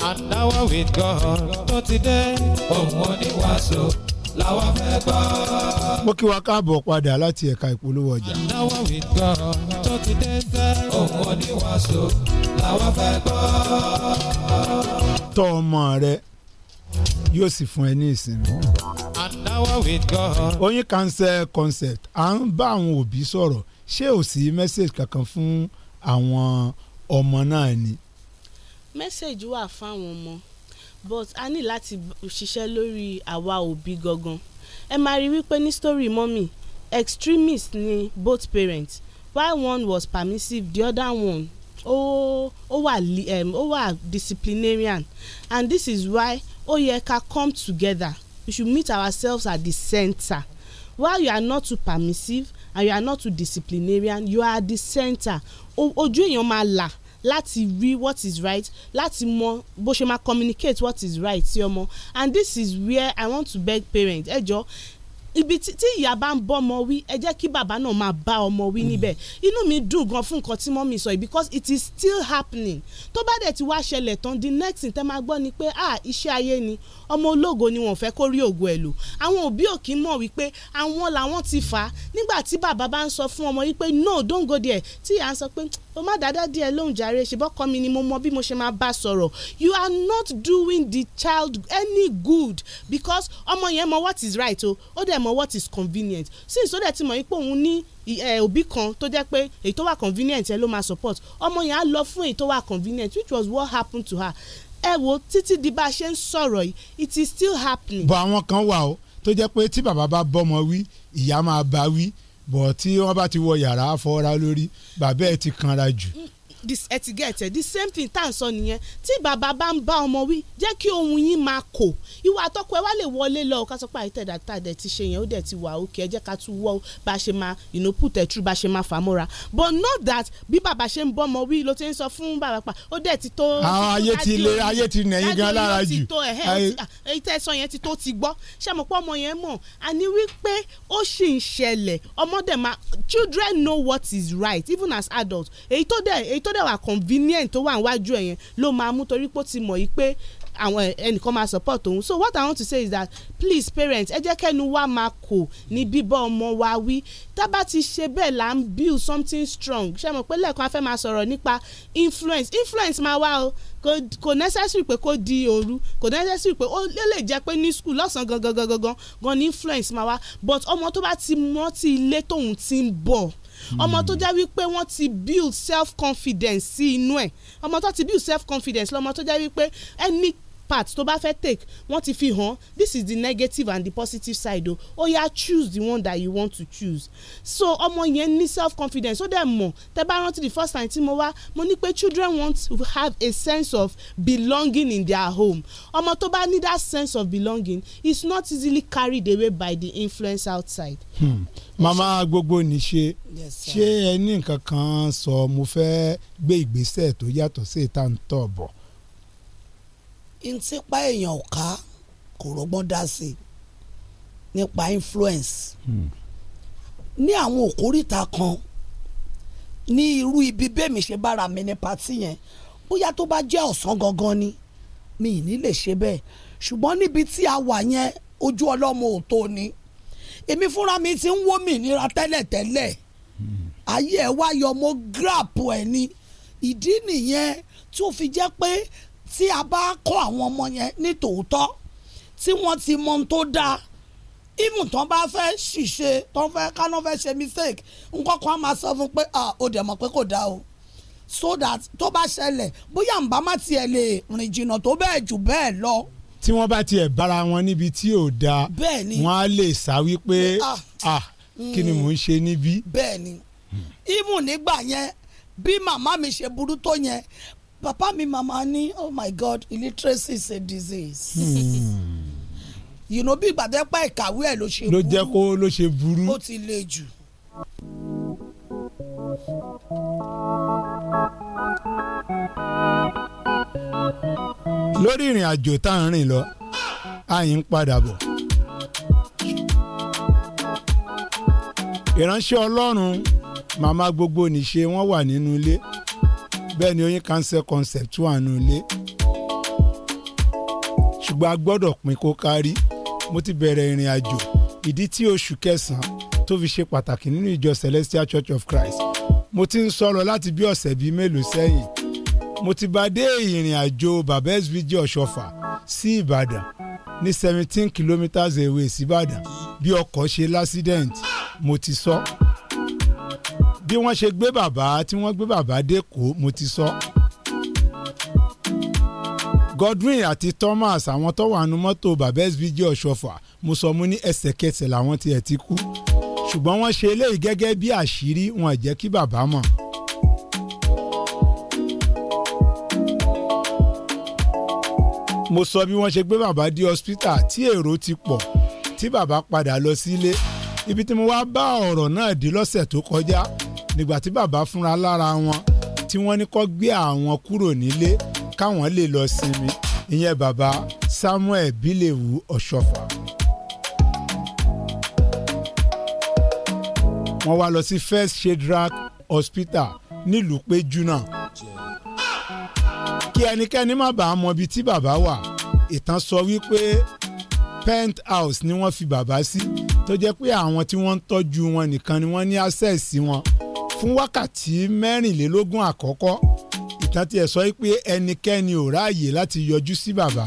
F: An hour with God tó ti dé òun oníwàásù
D: làwọn fẹ́ gbọ́. Mo kí wa káàbọ̀ padà láti ẹ̀ka
F: ìpolówó ọjà. An with God lọ́rùn ti dé fẹ́. òun oníwàásù làwọn fẹ́ gbọ́.
D: tọ́ ọmọ rẹ yóò sì fún ẹ ní ìsinmi.
F: and with God.
D: oyin cancel concept à ń bá àwọn òbí sọ̀rọ̀ ṣé ò sí message kankan fún àwọn ọmọ náà ni.
H: message wà fáwọn ọmọ but a ní láti ṣiṣẹ́ lórí àwa òbí gangan ẹ máa rí wípé ní story mọ́mì extremist ni both parents while one was permissive the other one ó ó wà um, ó wà disciplinarian and this is why ó yẹ ká come together we should meet ourselves at the center while you are not too permissive and you are not too disciplinarian you are at the center ojú èèyàn máa là láti rí what is right láti mọ bó ṣe máa communicate what is right sí ọmọ and this is where i want to beg parents ẹ jọ̀ọ́ ibi tí ìyá bá ń bọ́ ọmọ wí ẹ jẹ́ kí bàbá náà máa bá ọmọ wí mm. níbẹ̀ inú mi dùn gan fún nǹkan tí mọ́mí sọ because it is still happening tó bá dẹ̀ ti wá ṣẹlẹ̀ tán the next thing tẹ́ máa gbọ́ ni pé ah iṣẹ́ ayé ni ọmọ ológo ni wọ́n fẹ́ kó rí ògo ẹ̀ lò àwọn òbí ò kì í mọ̀ wípé àwọn làwọn ti fà á nígbà tí bàbá bá ń sọ fún ọmọ yìí no don't go there tí à ń sọ pé o má dáadáa díẹ̀ lóhùn jàre ṣùgbọ́n kọ́ mi ni mo mọ bí mo ṣe máa bá sọ̀rọ̀ you are not doing the child any good because ọmọ yẹn mọ what is right o ó dẹ̀ mọ what is convenient since ó dẹ̀ ti mọ̀ wípé òun ní òbí kan tó jẹ́ pé èyí tó wà convenient ẹ ló máa support ọmọ yẹn á lọ fún èyí tó wà convenient which was what happened to her ẹ wo títí di bá a ṣe ń sọ̀rọ̀ yìí it is still happening. bọ̀ àwọn kan wà o tó jẹ́ pé tí bàbá bá bọ́mọ wí ìyá máa bá wí bọ̀
D: tí wọ́n bá ti wọ yàrá fọ́ra lórí bàbá ẹ̀ ti kanra jù mm,
H: ẹ ti gẹ̀ tẹ̀ the same thing tá à ń sọ nìyẹn tí bàbá bá ń bá ọmọ wí jẹ́ kí ohun yín máa kò ìwà àtọ́kọ ẹ wá lè wọlé lọ ká sọ pé àyè tẹ̀dá tá a dẹ̀ ti ṣe yẹn ó dẹ̀ ti wà òkè ẹ jẹ́ ká tún wọ́ bá a ṣe máa ìnú pùtẹ̀ tú bá a ṣe máa fà á mọ́ra but not that bí bàbá ṣe ń bọ́ ọmọ wí ló ti ń sọ fún bàbá pa ó dẹ̀ ti tó. àwọn ah, ayé ti le ayé ti nà yín gan lára jù ah, èyí tẹ́ sọ yẹn ti tó ti gbọ́ ṣé mo pọ́ ọmọ yẹn mọ̀ àní wípé ó sì ń ṣẹlẹ̀ ọmọdé ma children know what is right even as adults èyí tó dẹ̀ èyí tó dẹ̀ wà convenient tó wà níwájú ẹ̀ ló máa mú torí pé ó ti mọ̀ yìí pé àwọn ẹnìkan máa support òun so what i want to say is that please parents ẹ jẹ́ kẹ́nu wa máa kò ní bíbọ́ ọmọ wa wí tábà ti ṣe bẹ́ẹ̀ là ń build something strong ṣe mọ̀ pé lẹ́ẹ̀kan a fẹ́ máa sọ̀rọ̀ nípa influence influence máa wá o kò necessary pé kó di òru kò necessary pé ó lè jẹ́ pé ní school lọ́sàn-án gangan gangan gan ni influence máa wá but ọmọ tó bá ti mọ́ ti ilé tóun ti ń bọ̀ Hmm. ọmọ tó já wípé wọ́n ti build self confidence sí inú ẹ̀ ọmọ tó ti build self confidence lọ́mọ tó já wípé ẹnikẹ́ni part tó bá fẹ́ take wọ́n ti fi hàn this is the negative and the positive side o ó yá choose the one that you want to choose so ọmọ yẹn ní self confidence ó dẹ̀ mọ̀ tẹ́ bá rántí the first time tí mo wá mo ní pé children want to have a sense of belonging in their home ọmọ tó bá ní that sense of belonging is not easily carried away by the influence outside.
D: Mama màmá gbogbo níṣe ṣé ẹ ní nǹkan kan sọ mo fẹ́ gbé ìgbésẹ̀ tó yàtọ̀ sí ìta ń tọ̀ bọ̀
G: ntipa èèyàn ò ká kò rọgbọ́n dá sí nípa influence hmm. ní àwọn òkúrìta kan ní irú ibi bẹ́ẹ̀mí ṣe bára mi ní patí yẹn bóyá tó bá jẹ́ ọ̀sán gangan ni mi ì ní lè ṣe bẹ́ẹ̀ ṣùgbọ́n níbi tí a wà yẹn ojú ọlọ́mọ ò tó ni èmi fúnra mi ti ń wó mi níra tẹ́lẹ̀tẹ́lẹ̀ hmm. ayé ẹ̀ wá yọ mo ẹ̀ ni ìdí nìyẹn tó fi jẹ́ pé tí a bá kọ́ àwọn ọmọ yẹn ní tòótọ́ tí wọ́n ti mọ ohun tó dáa even tán bá fẹ́ ṣìṣe tán fẹ́ káná fẹ́ ṣe mistake nǹkan kan á máa sọ fún pé ah ó dẹ̀ mọ̀ pé kò dáa o so that tó bá ṣẹlẹ̀ bóyá nbà má tiẹ̀ lè rìn jìnnà tó bẹ́ẹ̀ jù bẹ́ẹ̀ lọ. tí wọ́n bá tiẹ̀ bára wọn
D: níbi tí ò dáa wọ́n á lè sá wípé ah kí ni mm, mò ń ṣe níbí.
G: bẹ́ẹ̀ni hmm. even nígbà yẹn bí màmá mi ṣe burú tó yẹn papa mi màmá ní oh my god illiteracy is a disease. Hmm. you know bí ìgbà tẹ́ pa ìkàwé ẹ̀ ló ṣe burú ló jẹ́ kó ló ṣe burú ó ti le jù.
D: lórí ìrìn àjò tá à ń rìn lọ àyìn ń padà bọ̀. ìránṣẹ́ ọlọ́run màmá gbogbo nìṣe wọ́n wà nínú ilé bẹ́ẹ̀ ni oyin cancel concept wà nù ilé ṣùgbọ́n a gbọ́dọ̀ pín kó kárí mo ti bẹ̀rẹ̀ ìrìn àjò ìdí tí oṣù kẹsàn-án tó fi ṣe pàtàkì nínú ìjọ Celestial Church of Christ mo ti ń sọ̀rọ̀ láti bí ọ̀sẹ̀ bíi mélòó sẹ́yìn mo ti bá dé ìrìn àjò bàbá svg ọ̀ṣọ́fà sí Ìbàdàn ní seventeen kilometres away síbàdàn bí ọkọ̀ ṣe lásídẹ̀ǹtì mo ti sọ. So bí wọ́n ṣe gbé bàbá tí wọ́n gbé bàbá dé kó mo ti sọ. Godwin àti Thomas àwọn tó wà nínú mọ́tò bàbá SVG ọ̀ṣọ́fà mo sọ mo ní ẹsẹ̀kẹsẹ̀ làwọn tiẹ̀ ti kú ṣùgbọ́n wọ́n ṣe eléyìí gẹ́gẹ́ bí àṣírí wọn jẹ́ kí bàbá mọ̀. mo sọ bí wọ́n ṣe gbé bàbá dé hospital tí èrò ti pọ̀ tí bàbá padà lọ sílé ibi tí mo wá bá ọ̀rọ̀ náà dé lọ́sẹ̀ tó kọjá nígbà tí bàbá fúnra lára wọn tí wọ́n ní kó gbé àwọn kúrò nílé káwọn lè lọ sinmi ìyẹn bàbá Samuel Bílẹ̀wù Ọ̀ṣọ́fà. wọ́n wá lọ sí First Shadrach Hospital nílùú péjú náà kí ẹnikẹ́ni má bàa mọ ibi tí bàbá wà ìtàn sọ wípé penthouse ni wọ́n fi bàbá sí tó jẹ́ pé àwọn tí wọ́n ń tọ́jú wọn nìkan ni wọ́n ní access sí wọn. Si fún wákàtí mẹ́rìnlélógún àkọ́kọ́ ìtàn tiẹ̀ sọ pé ẹnikẹ́ni ò ráàyè láti yọjú sí bàbá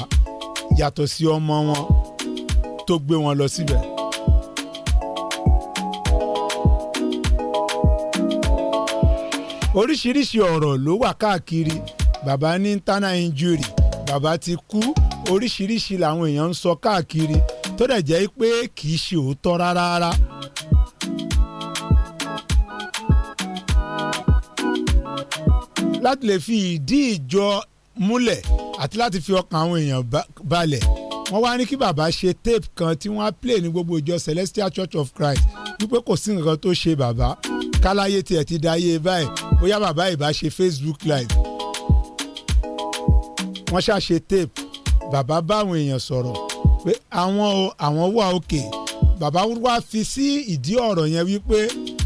D: yàtọ̀ sí ọmọ wọn tó gbé wọn lọ síbẹ̀. oríṣiríṣi ọ̀rọ̀ ló wà káàkiri bàbá ní internal injury bàbá ti kú oríṣiríṣi làwọn èèyàn ń sọ káàkiri tó dẹ̀ jẹ́ pé kì í ṣe òótọ́ rárá. láti lè fi ìdí ìjọ múlẹ̀ àti láti fi ọkàn àwọn èèyàn balẹ̀ wọ́n wá ní kí bàbá ṣe tape kan tí wọ́n á play ní gbogbo ìjọ Celestial Church of Christ wípé kò sí nǹkan tó ṣe bàbá káláyé tiẹ̀ ti dáyé báyìí bóyá bàbá ìbá ṣe Facebook live wọ́n ṣàṣe tape bàbá báwọn èèyàn sọ̀rọ̀ pé àwọn o àwọn wà òkè bàbá wá fi sí ìdí ọ̀rọ̀ yẹn wípé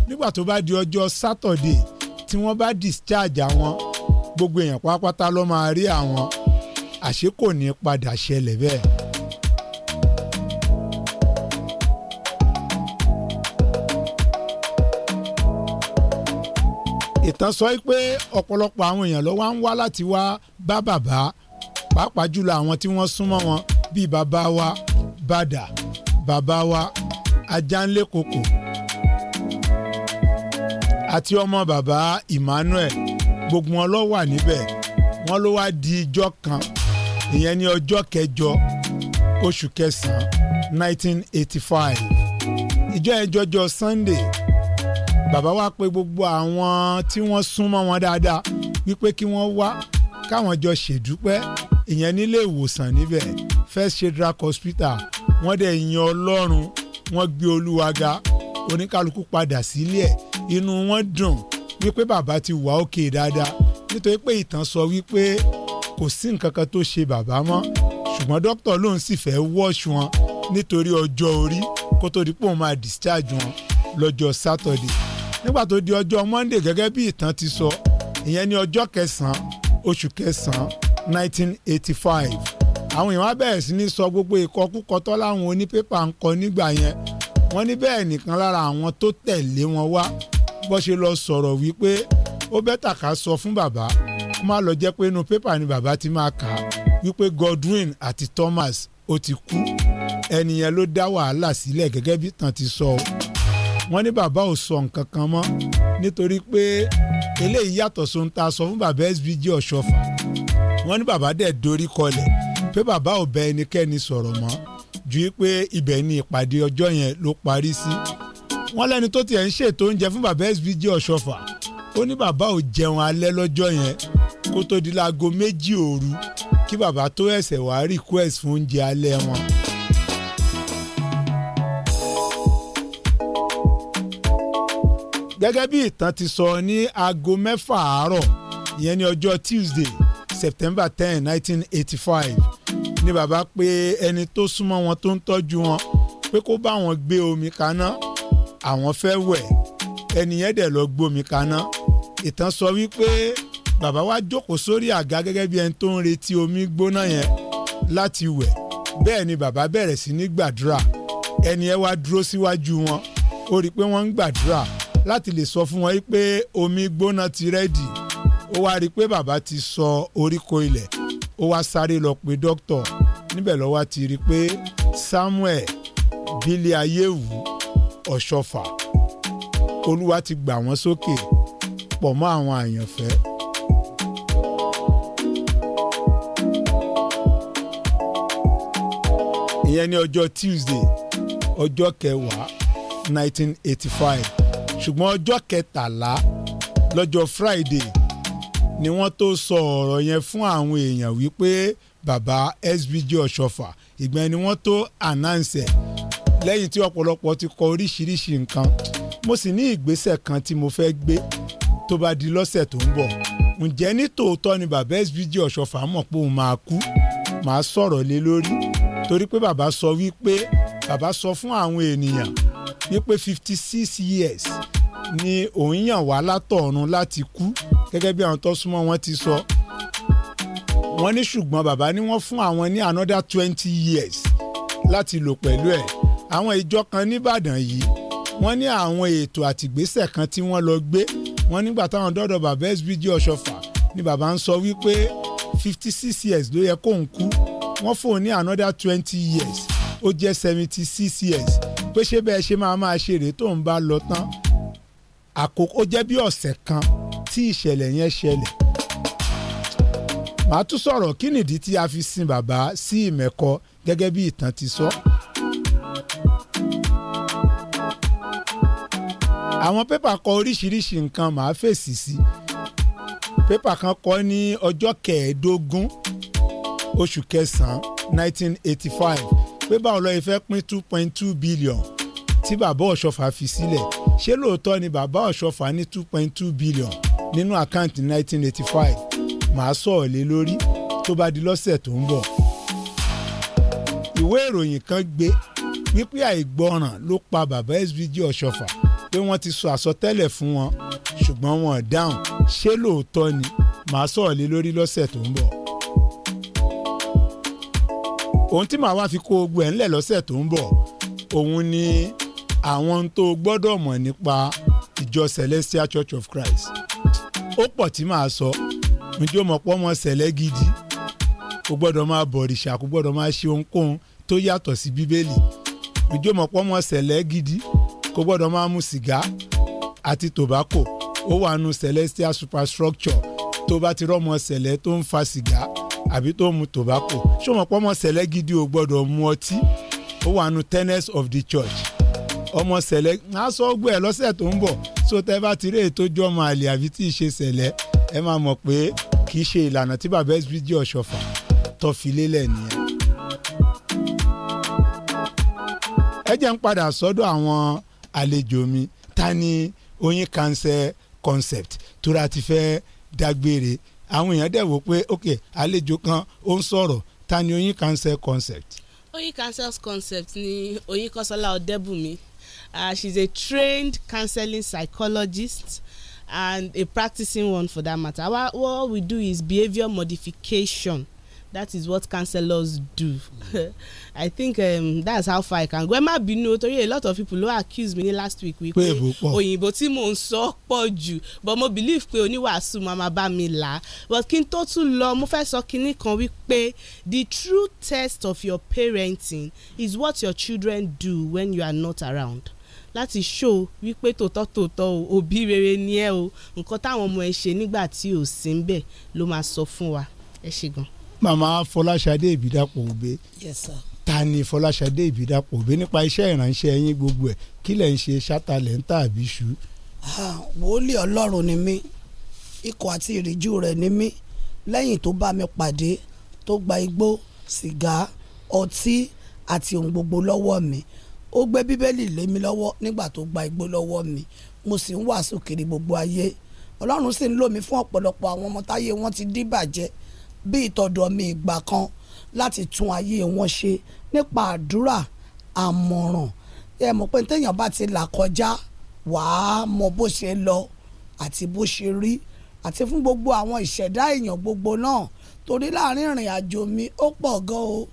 D: nígbà tó bá di ọjọ́ Saturday tí wọ́n bá discharge àwọn gbogbo èèyàn pátápátá ló máa rí àwọn àṣé kò ní padà ṣẹlẹ̀ bẹ́ẹ̀. ìtàn sọ pé ọ̀pọ̀lọpọ̀ àwọn èèyàn ló wá ń wá láti wá bá bàbá pàápàá jùlọ àwọn tí wọ́n súnmọ́ wọn bíi bàbá wa bàdà bàbá wa ajánlé kòkò àti ọmọ bàbá Emmanuel gbogbo wọn ló wà níbẹ̀ wọ́n ló wá di ijọ́ kan ìyẹn ní ọjọ́ kẹjọ oṣù kẹsàn-án 1985 ìjọ yẹn jọjọ Sunday bàbá wa pè gbogbo àwọn tí wọ́n súnmọ́ wọn dáadáa wípé kí wọ́n wá káwọn jọ ṣèdúpẹ́ ìyẹn nílé ìwòsàn níbẹ̀ First Shedrack Hospital wọ́n dẹ̀ yan Ọlọ́run wọ́n gbé Olúwa ga oníkálukú padà sílé ẹ̀ inú wọn dùn wípé bàbá ti wà òkè dáadáa nítorí pé ìtàn sọ wípé kò sí nǹkan kan tó ṣe bàbá mọ́ ṣùgbọ́n dókítà lòun sì fẹ́ wọ́ọ̀ṣù wọn nítorí ọjọ́ orí kó tó di pé òun máa discharge wọn lọ́jọ́ sátọ̀dẹ̀ nígbà tó di ọjọ́ monday gẹ́gẹ́ bí ìtàn ti sọ ìyẹn ní ọjọ́ kẹsàn-án oṣù kẹsàn-án 1985 àwọn èèyàn á bẹ̀rẹ̀ sí ní sọ gbogbo ìkọkúkọ tó láwọn onípépà ń kọ nígbà yẹn wọ́n ní bẹ́ẹ̀ nìkan lára àwọn tó tẹ̀lé wọn wá bó ṣe lọ sọ̀rọ̀ wípé ó bẹ́tà ká sọ fún bàbá kó má lọ jẹ́ pé inú pépà ni bàbá ti máa kà á wípé Godwin àti Thomas ó ti kú ẹnìyẹn ló dá wàhálà sílẹ̀ gẹ́gẹ́ bí tàn ti sọ wọ́n ní bàbá ò sọ nǹkan kan mọ́ nítorí pé eléyìí yàtọ̀ sóhun tá a sọ fún bàbá SBG Ọ̀ṣọ́fà wọ́n ní bàbá dẹ̀ dorí kọlẹ̀ pé bàbá ò bẹ ẹnikẹ́ni sọ̀rọ̀ mọ́ ju pé ibẹ̀ ni ìpàdé ọjọ́ yẹn ló parí sí wọ́n lẹ́ni tó tiẹ̀ ń ṣètò oúnjẹ fún bàbá SBJ ọ̀ṣọ́fà ó ní bàbá ò jẹun alẹ́ lọ́jọ́ yẹn kó tó di láago méjì òru kí bàbá tó ẹ̀sẹ̀ wá request fún oúnjẹ alẹ́ wọn. gẹ́gẹ́ bí ìtàn ti sọ ní aago mẹ́fà àárọ̀ ìyẹn ní ọjọ́ Tuesday September ten nineteen eighty five ni bàbá pé ẹni tó súnmọ́ wọn tó ń tọ́jú wọn pé kó bá wọn gbé omi kaná àwọn fẹ́ wẹ̀ ẹni yẹn dẹ̀ lọ gbómi kaná ìtàn sọ wípé bàbá wa jókòó sórí àga gẹ́gẹ́ bí ẹni tó ń retí omi gbóná yẹn láti wẹ̀ bẹ́ẹ̀ ni bàbá bẹ̀rẹ̀ sí ní gbàdúrà ẹni yẹn wá dúró síwájú wọn ó rí i pé wọ́n ń gbàdúrà láti lè sọ fún wọn pé omi gbóná ti rẹ́dì ó wá rí i pé bàbá ti sọ orí kó ilẹ̀ ó wá sáré lọ pé dókítà níbẹ̀ ló wá ti rí i pé Samuel bílé ayéwu ọ̀ṣọ́fà olúwa ti gbà wọ́n sókè pọ̀ mọ́ àwọn àyànfẹ́. ìyẹn ní ọjọ́ Tuesday ọjọ́ kẹwàá 1985 ṣùgbọ́n ọjọ́ kẹtàlá lọ́jọ́ Friday ni wọ́n tó sọ ọ̀rọ̀ yẹn fún àwọn èèyàn wípé bàbá SBG ọ̀ṣọ́fà ìgbẹ́n ni wọ́n tó announce ẹ̀ lẹ́yìn tí ọ̀pọ̀lọpọ̀ ti kọ oríṣiríṣi nǹkan mo sì ní ìgbésẹ̀ kan tí mo fẹ́ gbé tó bá di lọ́sẹ̀ tó ń bọ̀ ǹjẹ́ ní tòótọ́ ni bàbá SBG ọ̀ṣọ́fà mọ̀ pé òun máa kú màá sọ̀rọ̀ lé lórí torí pé bàbá sọ wípé bàbá sọ fún àwọn ènìyàn wípé fifty six years ni òun yàn wá látọ̀run láti kú gẹ́gẹ́ bí àwọn tó súnmọ́ wọn ti sọ wọ́n ní ṣùgbọ́n bàbá ni wọ́n fún àwọn ní another twenty years láti lò pẹ̀lú ẹ̀ àwọn ìjọ kan nìbàdàn yìí wọ́n ní àwọn ètò àtìgbésẹ̀ kan tí wọ́n lọ gbé wọ́n nígbà táwọn dọ́dọ̀ bàbá SBG ọ̀ṣọ́fà ni bàbá ń sọ wípé fifty six years ló yẹ kóun kú wọ́n fóun ní another twenty years ó jẹ́ seventy six years pé ṣé bẹ́ẹ̀ ṣe máa máa ṣe rèé tóun bá lọ tán àkókò ó jẹ́ bí ọ̀sẹ̀ kan tí ìṣẹ̀lẹ̀ yẹn ṣẹlẹ̀ màá tún sọ̀rọ̀ kí nìdí tí a fi sin bàbá sí ìmẹ̀kọ gẹ́gẹ́ bí ìtàn ti sọ. àwọn pépà kọ oríṣiríṣi nǹkan màá fèsì sí pépà kan kọ ní ọjọ́ kẹẹ̀ẹ́dógún oṣù kẹsàn-án 1985 pé báwo lọ́ọ́ ifẹ́ pín 2.2 billion tí bàbá ọ̀ṣọ́fà fi sílẹ̀ ṣé lóòótọ́ ni bàbá ọ̀ṣọ́fà ní 2.2 billion nínú àkáǹtì 1985 màá sọ̀rọ̀ lé lórí tó bá di lọ́sẹ̀ tó ń bọ̀. ìwé ìròyìn kan gbé wípé àìgbọràn ló pa bàbá SVG ọ̀ṣọ́fà pé wọ́n ti sọ àsọtẹ́lẹ̀ fún wọn ṣùgbọ́n wọn ò dáhùn ṣé lóòótọ́ ni màá sọ̀rọ̀ lé lórí lọ́sẹ̀ tó ń bọ̀. ohun tí màá wá fi kó ogun ẹ̀ ńlẹ̀ lọ́sẹ̀ tó ń bọ̀ òun ni àwọn tó gbọ́dọ̀ mọ̀ nípa ìjọ Celestial Church of Christ ó pọ̀ tí màá sọ ǹjẹ́ o mọ̀ pọ́ ọmọ sẹ̀lẹ̀ gidi kò gbọ́dọ̀ máa bọ̀rìṣà kò gbọ́dọ̀ máa ṣe ohunkóhun tó yàtọ̀ sí bíbélì ǹjẹ́ mọ̀ pọ́ ọmọ sẹ̀lẹ̀ gidi kò gbọ́dọ̀ máa mu sìgá àti tobacco ó wà nù celestial superstructure tó bá ti rọ́mọ sẹ̀lẹ̀ tó ń fa sìgá àbí tó ń mu tobacco ṣé o mọ̀ pọ́ ọmọ sẹ̀lẹ̀ gidi ò gbọ́dọ̀ mu ọtí ó wà nù tenets of the church ọmọ sẹ̀lẹ̀ á sọ ọgbẹ́ ẹ̀ lọ́sẹ̀ tó ń bọ̀ so tẹ́ bá ti rí ètò jọmọ àlè àbí tí ì ṣe ṣẹlẹ̀ ẹ máa mọ̀ pé kì í ṣe ìlànà tí bàbá SBG ọ̀ṣọ́fà tó fi nìyẹn. ẹ jẹ́ ń padà sọ́dọ̀ àwọn àlejò mi ta ni oyin cancer concept tó ra ti fẹ́ dágbére àwọn èèyàn dẹ̀ wò pé ok àlejò kan ó ń sọ̀rọ̀ ta ni oyin cancer concept.
H: oyin cancer concept ni oyin kọ́sọ́lá ọ̀dẹ́bùnmi Uh, she's a trained counseling psychologist and a practicing one for that matter. Our, what we do is behavior modification. That is what counselors do. I think um, that's how far I can go. Ẹ má bínú torí a lot of people ló accuse me last week wípé òyìnbó tí mò ń sọ pọ̀ jù but mo believe pé oníwàásù máa ma mi là but kí n tó tún mo fẹ́ sọ kinní kan wípé the true test of your parenting is what your children do when you are not around láti ṣó wípé tòótọ́ tòótọ́ o òbí rere ni ẹ o nǹkan táwọn ọmọ ẹ ṣe nígbà tí ò sí ń bẹ̀ ló máa sọ fún wa ẹ ṣe gan.
D: màmá fọláṣadé ìbídàpọ̀ òbẹ yes sir ta ni fọláṣadé ìbídàpọ̀ òbẹ nípa iṣẹ́ ìránṣẹ́ yín gbogbo ẹ̀ kí lẹ̀ ń ṣe ṣáta lẹ̀ ń tà àbí ṣú.
G: wòlíì ọlọ́run ni mí ikọ̀ àti ìríjú rẹ̀ ni mí lẹ́yìn tó bá mi pàdé tó gba igbó sìgá ọtí àti ohun gbogbo lọ́wọ́ mi ó gbé bíbélì lé mi lọ́wọ́ nígbà tó gba igbó lọ́wọ́ mi mo sì ń wàásù kiri gbogbo ayé ọlọ́run sì ń lò mí fún ọ̀pọ̀lọpọ̀ àwọn ọmọ táyé wọn ti dí bàjẹ́ bí ìtọ̀dọ̀ mi ìgbà kan láti tún ayé wọn ṣe nípa àdúrà àmọ̀ràn ẹ mọ̀ pé téèyàn bá ti là kọjá wàá mọ bó ṣe lọ àti bó ṣe rí àti fún gbogbo àwọn ìṣẹ̀dá èèyàn gbogbo náà torí láàrin ìrìn àjò mi ó pọ̀ gan o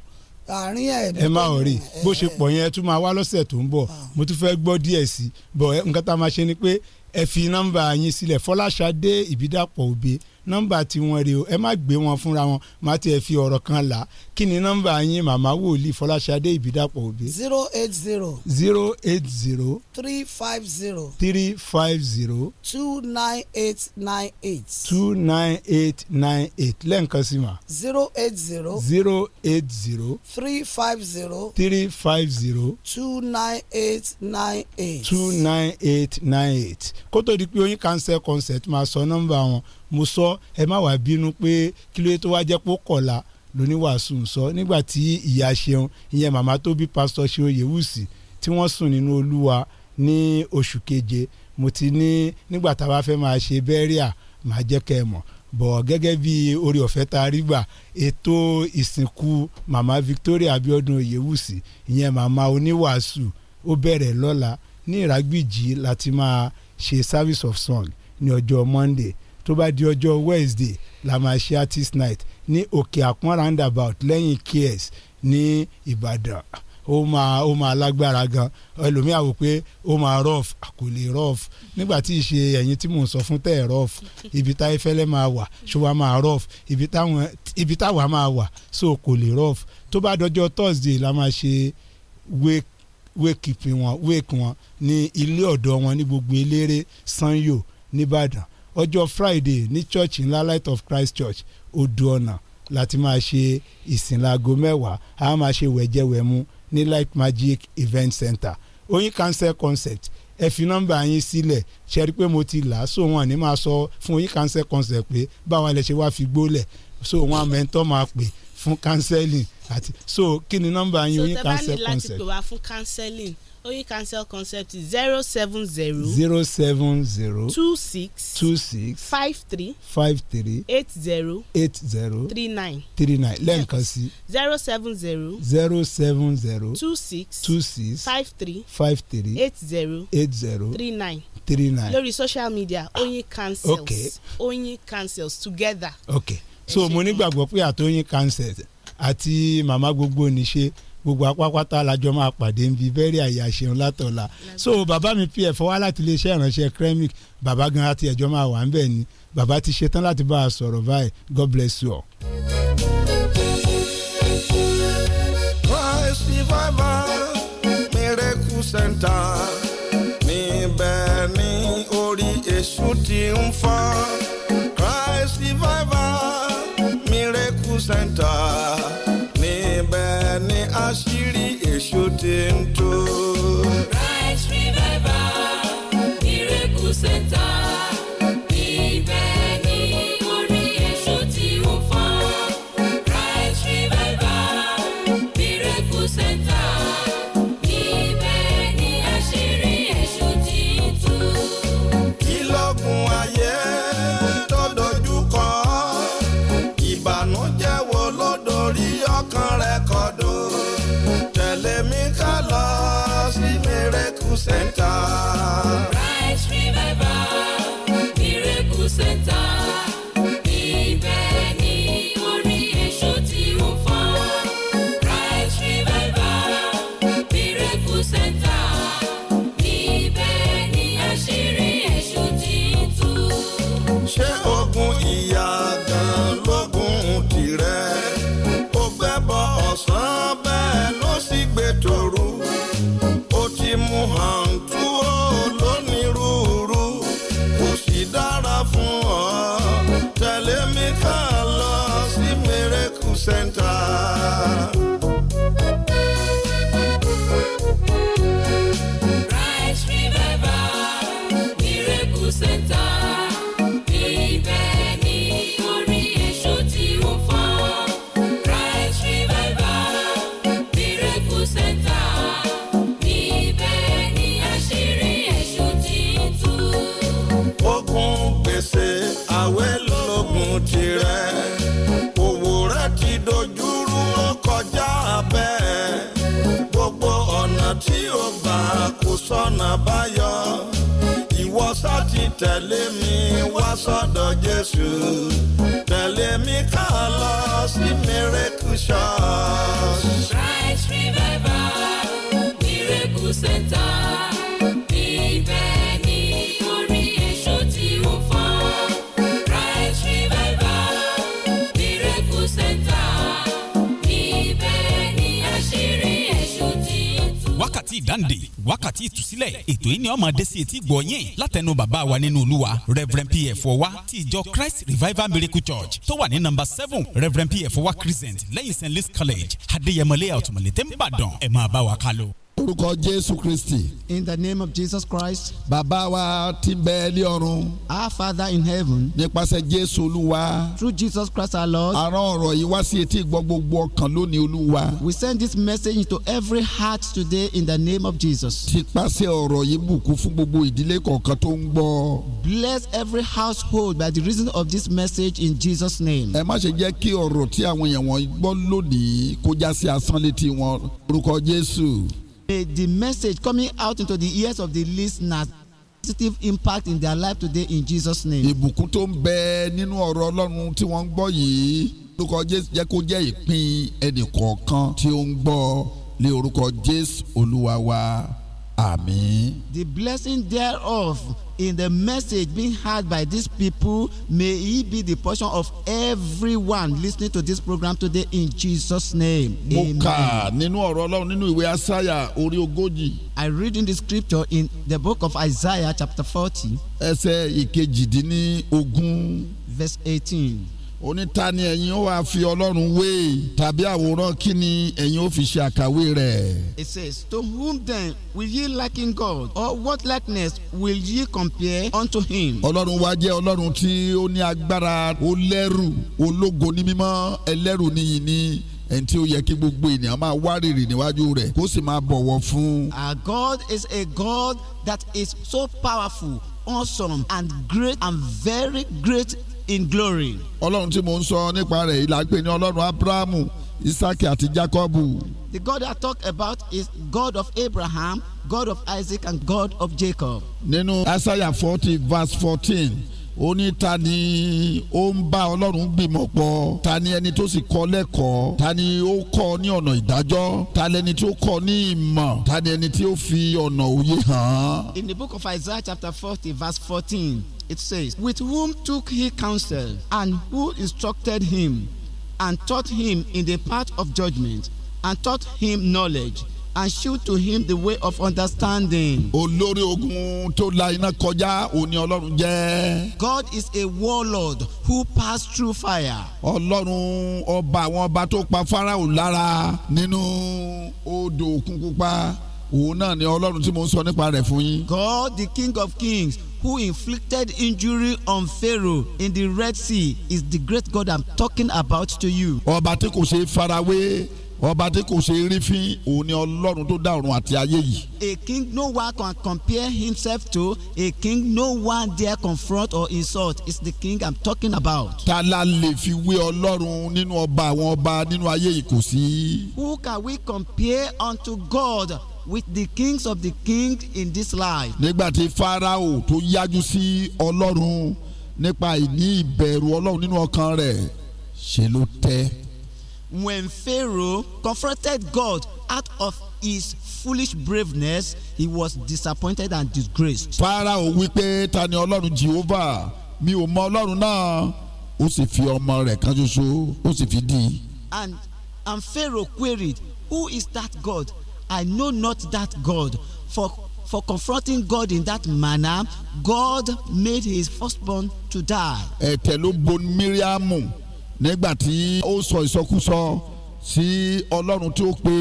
G: àárín ẹ̀. ẹ má ò rí bó ṣe
D: pọ̀ yẹn ẹ tún máa wá lọ́sẹ̀ tó ń bọ̀ ah. mo tún fẹ́ gbọ́ díẹ̀ sí i bọ̀ nǹkan tá a máa ṣe ni pé ẹ fi nọ́mbà yín sílẹ̀ fọláṣadé ìbídàpọ̀ òbí nọ́mbà tiwọn rèé ẹ má gbé wọn fúnra wọn má tiẹ̀ fi ọ̀rọ̀ kan là kí ni nọ́mbà yín màmá wòlíì fọláṣadé ìbídàpọ̀ òbí.
G: zero eight zero.
D: zero eight zero.
G: three five zero.
D: three five zero.
G: two nine eight nine eight.
D: two nine eight nine eight lẹ́ǹkan sí ma.
G: zero eight zero.
D: zero eight zero.
G: three five zero.
D: three five zero.
G: two nine eight nine
D: eight. two nine eight nine eight. kó tó di pé oyin cancel concert máa sọ nọ́mbà wọn mo sọ ẹ má wàá bínú pé kí ló yẹ tó wá jẹ́ pé ó kọ̀ la lóníwàásù ń sọ nígbà tí ìyá ṣeun ìyẹn màmá tó bí pásítọ̀ ṣe Oyèwùsì tí wọ́n sùn nínú Olúwa ní oṣù keje mo ti ní nígbà tá a bá fẹ́ máa ṣe bẹ́ríà màá jẹ́ kẹ́ ẹ mọ̀ bọ̀ gẹ́gẹ́ bí orí ọ̀fẹ́ tá a rí gbà ètò ìsìnkú màmá Victoria Abiodun Oyèwùsì ìyẹn màmá oníwàásù ó bẹ̀rẹ̀ lọ́la ní ìrágbìjì láti máa ṣe service of song ní ọjọ́ Monday tó bá di ọjọ́ Wednesday la máa ṣe artist night ní òkè àpọ́n roundabout lẹ́yìn ks ní ìbàdàn ó máa ó máa lágbára gan ẹlòmíà wò pé ó máa rough kò lè rough nígbà tí ìṣe ẹ̀yìn tí mò ń sọ fún tẹ̀ rough ibi táyé fẹ́lẹ́ máa wà ṣùgbọ́n máa rough ibi táwa máa wà so kò lè rough tó bá dọjọ́ thursday la máa ṣe wake wake wọn wake wọn ní ilé ọ̀dọ́ wọn ní gbogbo eléré sanyo nìbàdàn ọjọ́ friday ní chọ́ọ̀chì ńlá light of christ church odò ọ̀nà láti máa ṣe ìsìnlágo mẹ́wàá a máa ṣe wẹ̀jẹ̀wẹ̀mu ní light magic event center oyin cancer concept ẹ fi nọ́mbà yín sílẹ̀ ṣe rí i pé mo ti là á so wọn ni máa sọ fún oyin cancer concept pé báwa lè ṣe wá fi gbólẹ̀ so wọn mẹ́ńtọ́ máa pè fún counseling àti so kí ni nọ́mbà yín oyin cancer concept. so tẹ́ bá ní láti pè
H: wá fún counseling Oyi cancel concept is zero seven zero. zero
D: seven zero. two six. two six.
H: five three.
D: five three.
H: eight zero.
D: eight zero. three nine. three nine lẹ́ǹkan sí.
H: zero seven zero.
D: zero seven zero. two
H: six. two six. five three. five three. eight zero. eight zero. three nine.
D: three nine. lórí
H: social media Oyin Councils. okay. Oyin cancels together.
D: okay so mo nígbàgbọ́ pé àtOyin Councils àti màmá gbogbo níṣe gbogbo apápátá làjọ máa pàdé ń bi àyà ṣeun látọ̀la so bàbá mi pf wá láti iléeṣẹ́ ìránṣẹ́ kremik bàbá gan àti ẹ̀jọ́ máa wà ń ni bàbá ti ṣetán láti bá a sọ̀rọ̀ báyìí god bless you all.
B: Christ Revival Miracle Center níbẹ̀ ni orí èṣù ti ń fọ́ Christ Revival Miracle Center. dentro. Center. It's true. Tẹ̀lé mi Church. Christ Revival
A: Miracle Center.
I: wákàtí ìtúsílẹ̀ ètò yìí ni ó máa etí gbọ́ látẹnu bàbá wa nínú olúwa reverend pf ọwa ti ìjọ christ revival miracle church tó wà ní number seven reverend pf ọwa crescent lẹ́yìn st louis college adéyẹmọlẹ́yà ọ̀túnmọ̀lẹ́tẹ̀ ń bàdàn ẹ máa bá wa ká
C: orúkọ jésù kristi. in the name of jesus christ. bàbá wa tí bẹ ní ọ̀run. our father in heaven. nípasẹ̀ jésù olúwa. through jesus christ our lord. a ọ̀rọ̀ yìí wá sí etí gbọ́ gbogbo ọkàn lónìí olúwa. we send this message to every heart today in the name of jesus. tipasẹ̀ ọ̀rọ̀ yìí bùkún fún gbogbo ìdílé kọ̀ọ̀kan tó ń gbọ́. bless every household by the reason of this message in jesus name. ẹ má ṣe jẹ́ kí ọ̀rọ̀ tí àwọn èèyàn wọ̀nyí gbọ́ lónìí kó já sí asán létí wọn orúkọ jésù. May the message coming out into the ears of the listeners positive impact in their life today in Jesus name. Ìbùkún tó ń bẹ nínú ọ̀rọ̀ Ọlọ́run tí wọ́n ń gbọ́ yìí lórúkọ Jésù jẹ́ kó jẹ́ ìpín ẹnìkọ̀ọ̀kan tí ó ń gbọ́ lé Jésù Olúwa wa. Àmín. The blessing thereof in the message being heard by these people may he be the portion of everyone listening to this program today in Jesus name. Mo kà nínú ọ̀rọ̀ Ọlọ́run nínú ìwé Asáyà orí ogójì. I read in the scripture in the book of Isaiah chapter forty. Ẹsẹ̀ ìkejìdínlógún. Verse eighteen onítàní ẹ̀yin ó wá fi ọlọ́run wé tàbí àwòrán kí ẹ̀yin ó fi ṣe àkàwé rẹ̀. it says to whom then will ye liken God or what likeness will ye compare unto him. ọlọ́run wa jẹ́ ọlọ́run tí ó ní agbára ó lẹ́rù ológo ní mímọ́ ẹlẹ́rù níyì ní ẹni tí ó yẹ kí gbogbo ènìyàn máa wárìrì níwájú rẹ̀ kó sì máa bọ̀wọ̀ fún. our God is a God that is so powerful awesome and great and very great in glory. ọlọ́run tí mo ń sọ nípa rẹ̀ ìlà ń ní ọlọ́run abrahamu isaki àti jacobu. the God I talk about is God of Abraham God of Isaac and God of Jacob. nínú Isaiah forty verse fourteen ó ní ta ni ó ń bá ọlọ́run gbìmọ̀ pọ̀ ta ni ẹni tó sì kọ́ lẹ́kọ̀ọ́ ta ni ó kọ́ ní ọ̀nà ìdájọ́ ta lẹni tí ó kọ́ ní ìmọ̀ ta ni ẹni tí fi ọ̀nà òye hàn. in the book of Isaiah chapter forty verse fourteen It says, With whom took he counsel, and who instructed him, and taught him in the path of judgment, and taught him knowledge, and shewed to him the way of understanding. olórí ogun tó la iná kọjá òní ọlọ́run jẹ́. God is a warlord who passed through fire. ọlọ́run ọba àwọn ọba tó pa Fáráò lára nínú odò òkun pupa òun náà ni ọlọ́run tí mo ń sọ nípa rẹ̀ fún yín. God the king of kings who inflicted injury on Pharaoh in the Red Sea is the great God I'm talking about to you. Ọba tí kò ṣe farawé ọba tí kò ṣe rí fín òun ọlọ́run tó dá ọ̀run àti ayé yìí. A king no one can compare himself to a king no one dare confront or insult is the king I'm talking about. Ta la lè fi wé ọlọ́run nínú ọba àwọn ọba nínú ayé yìí kò sí. Who can we compare unto God with the kings of the king in this life. nígbà tí Fáráò tó yájú sí Ọlọ́run nípa ìní ìbẹ̀rù Ọlọ́run nínú ọkàn rẹ̀ ṣe ló tẹ́. When Pharaoh confronted God out of his foolish braveness he was disappointed and disgraced. Fáráò wípé ta ni Ọlọ́run Jehovah mi ò mọ Ọlọ́run náà ó sì fi ọmọ rẹ̀ kan ṣoṣo ó sì fi dì í. And and Pharaoh queried who is that God I know not that God. For, for confronting God in that manner, God made his firstborn to die. Ẹ̀tẹ̀ ló bon miriam nígbà tí ó sọ ìsọkúsọ sí Ọlọ́run tí ó pe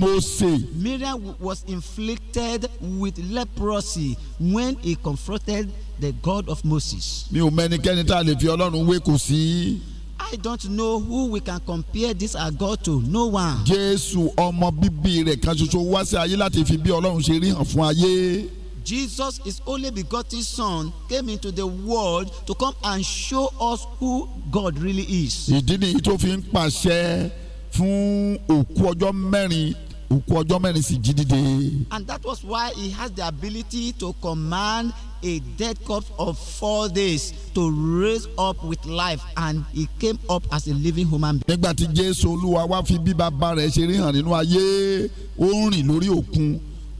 C: Mósè. Miriam was inflicted with leprosy when he confronted the God of Moses. Mi ò mẹ́nikẹ́ni tá a lè fi Ọlọ́run wé kò sí. I don't know who we can compare this our to no one. Jésù ọmọ bíbí rẹ̀ kan ṣoṣo wá sí ayé láti fi bí Ọlọ́run ṣe rí hàn fún ayé. Jesus, is only begotten Son, came into the world to come and show us who God really is. Ìdí nìyí tó fi ń pàṣẹ fún òkú ọjọ́ mẹ́rin òkú ọjọ́ mẹ́rin sì jí dìde. and that was why he has the ability to command a dead corpse of four days to raise up with life and he came up as a living human being. nígbà tí jésù olúwa wá fi bí bàbá rẹ̀ ṣe rí hàn nínú ayé ó ń rìn lórí òkun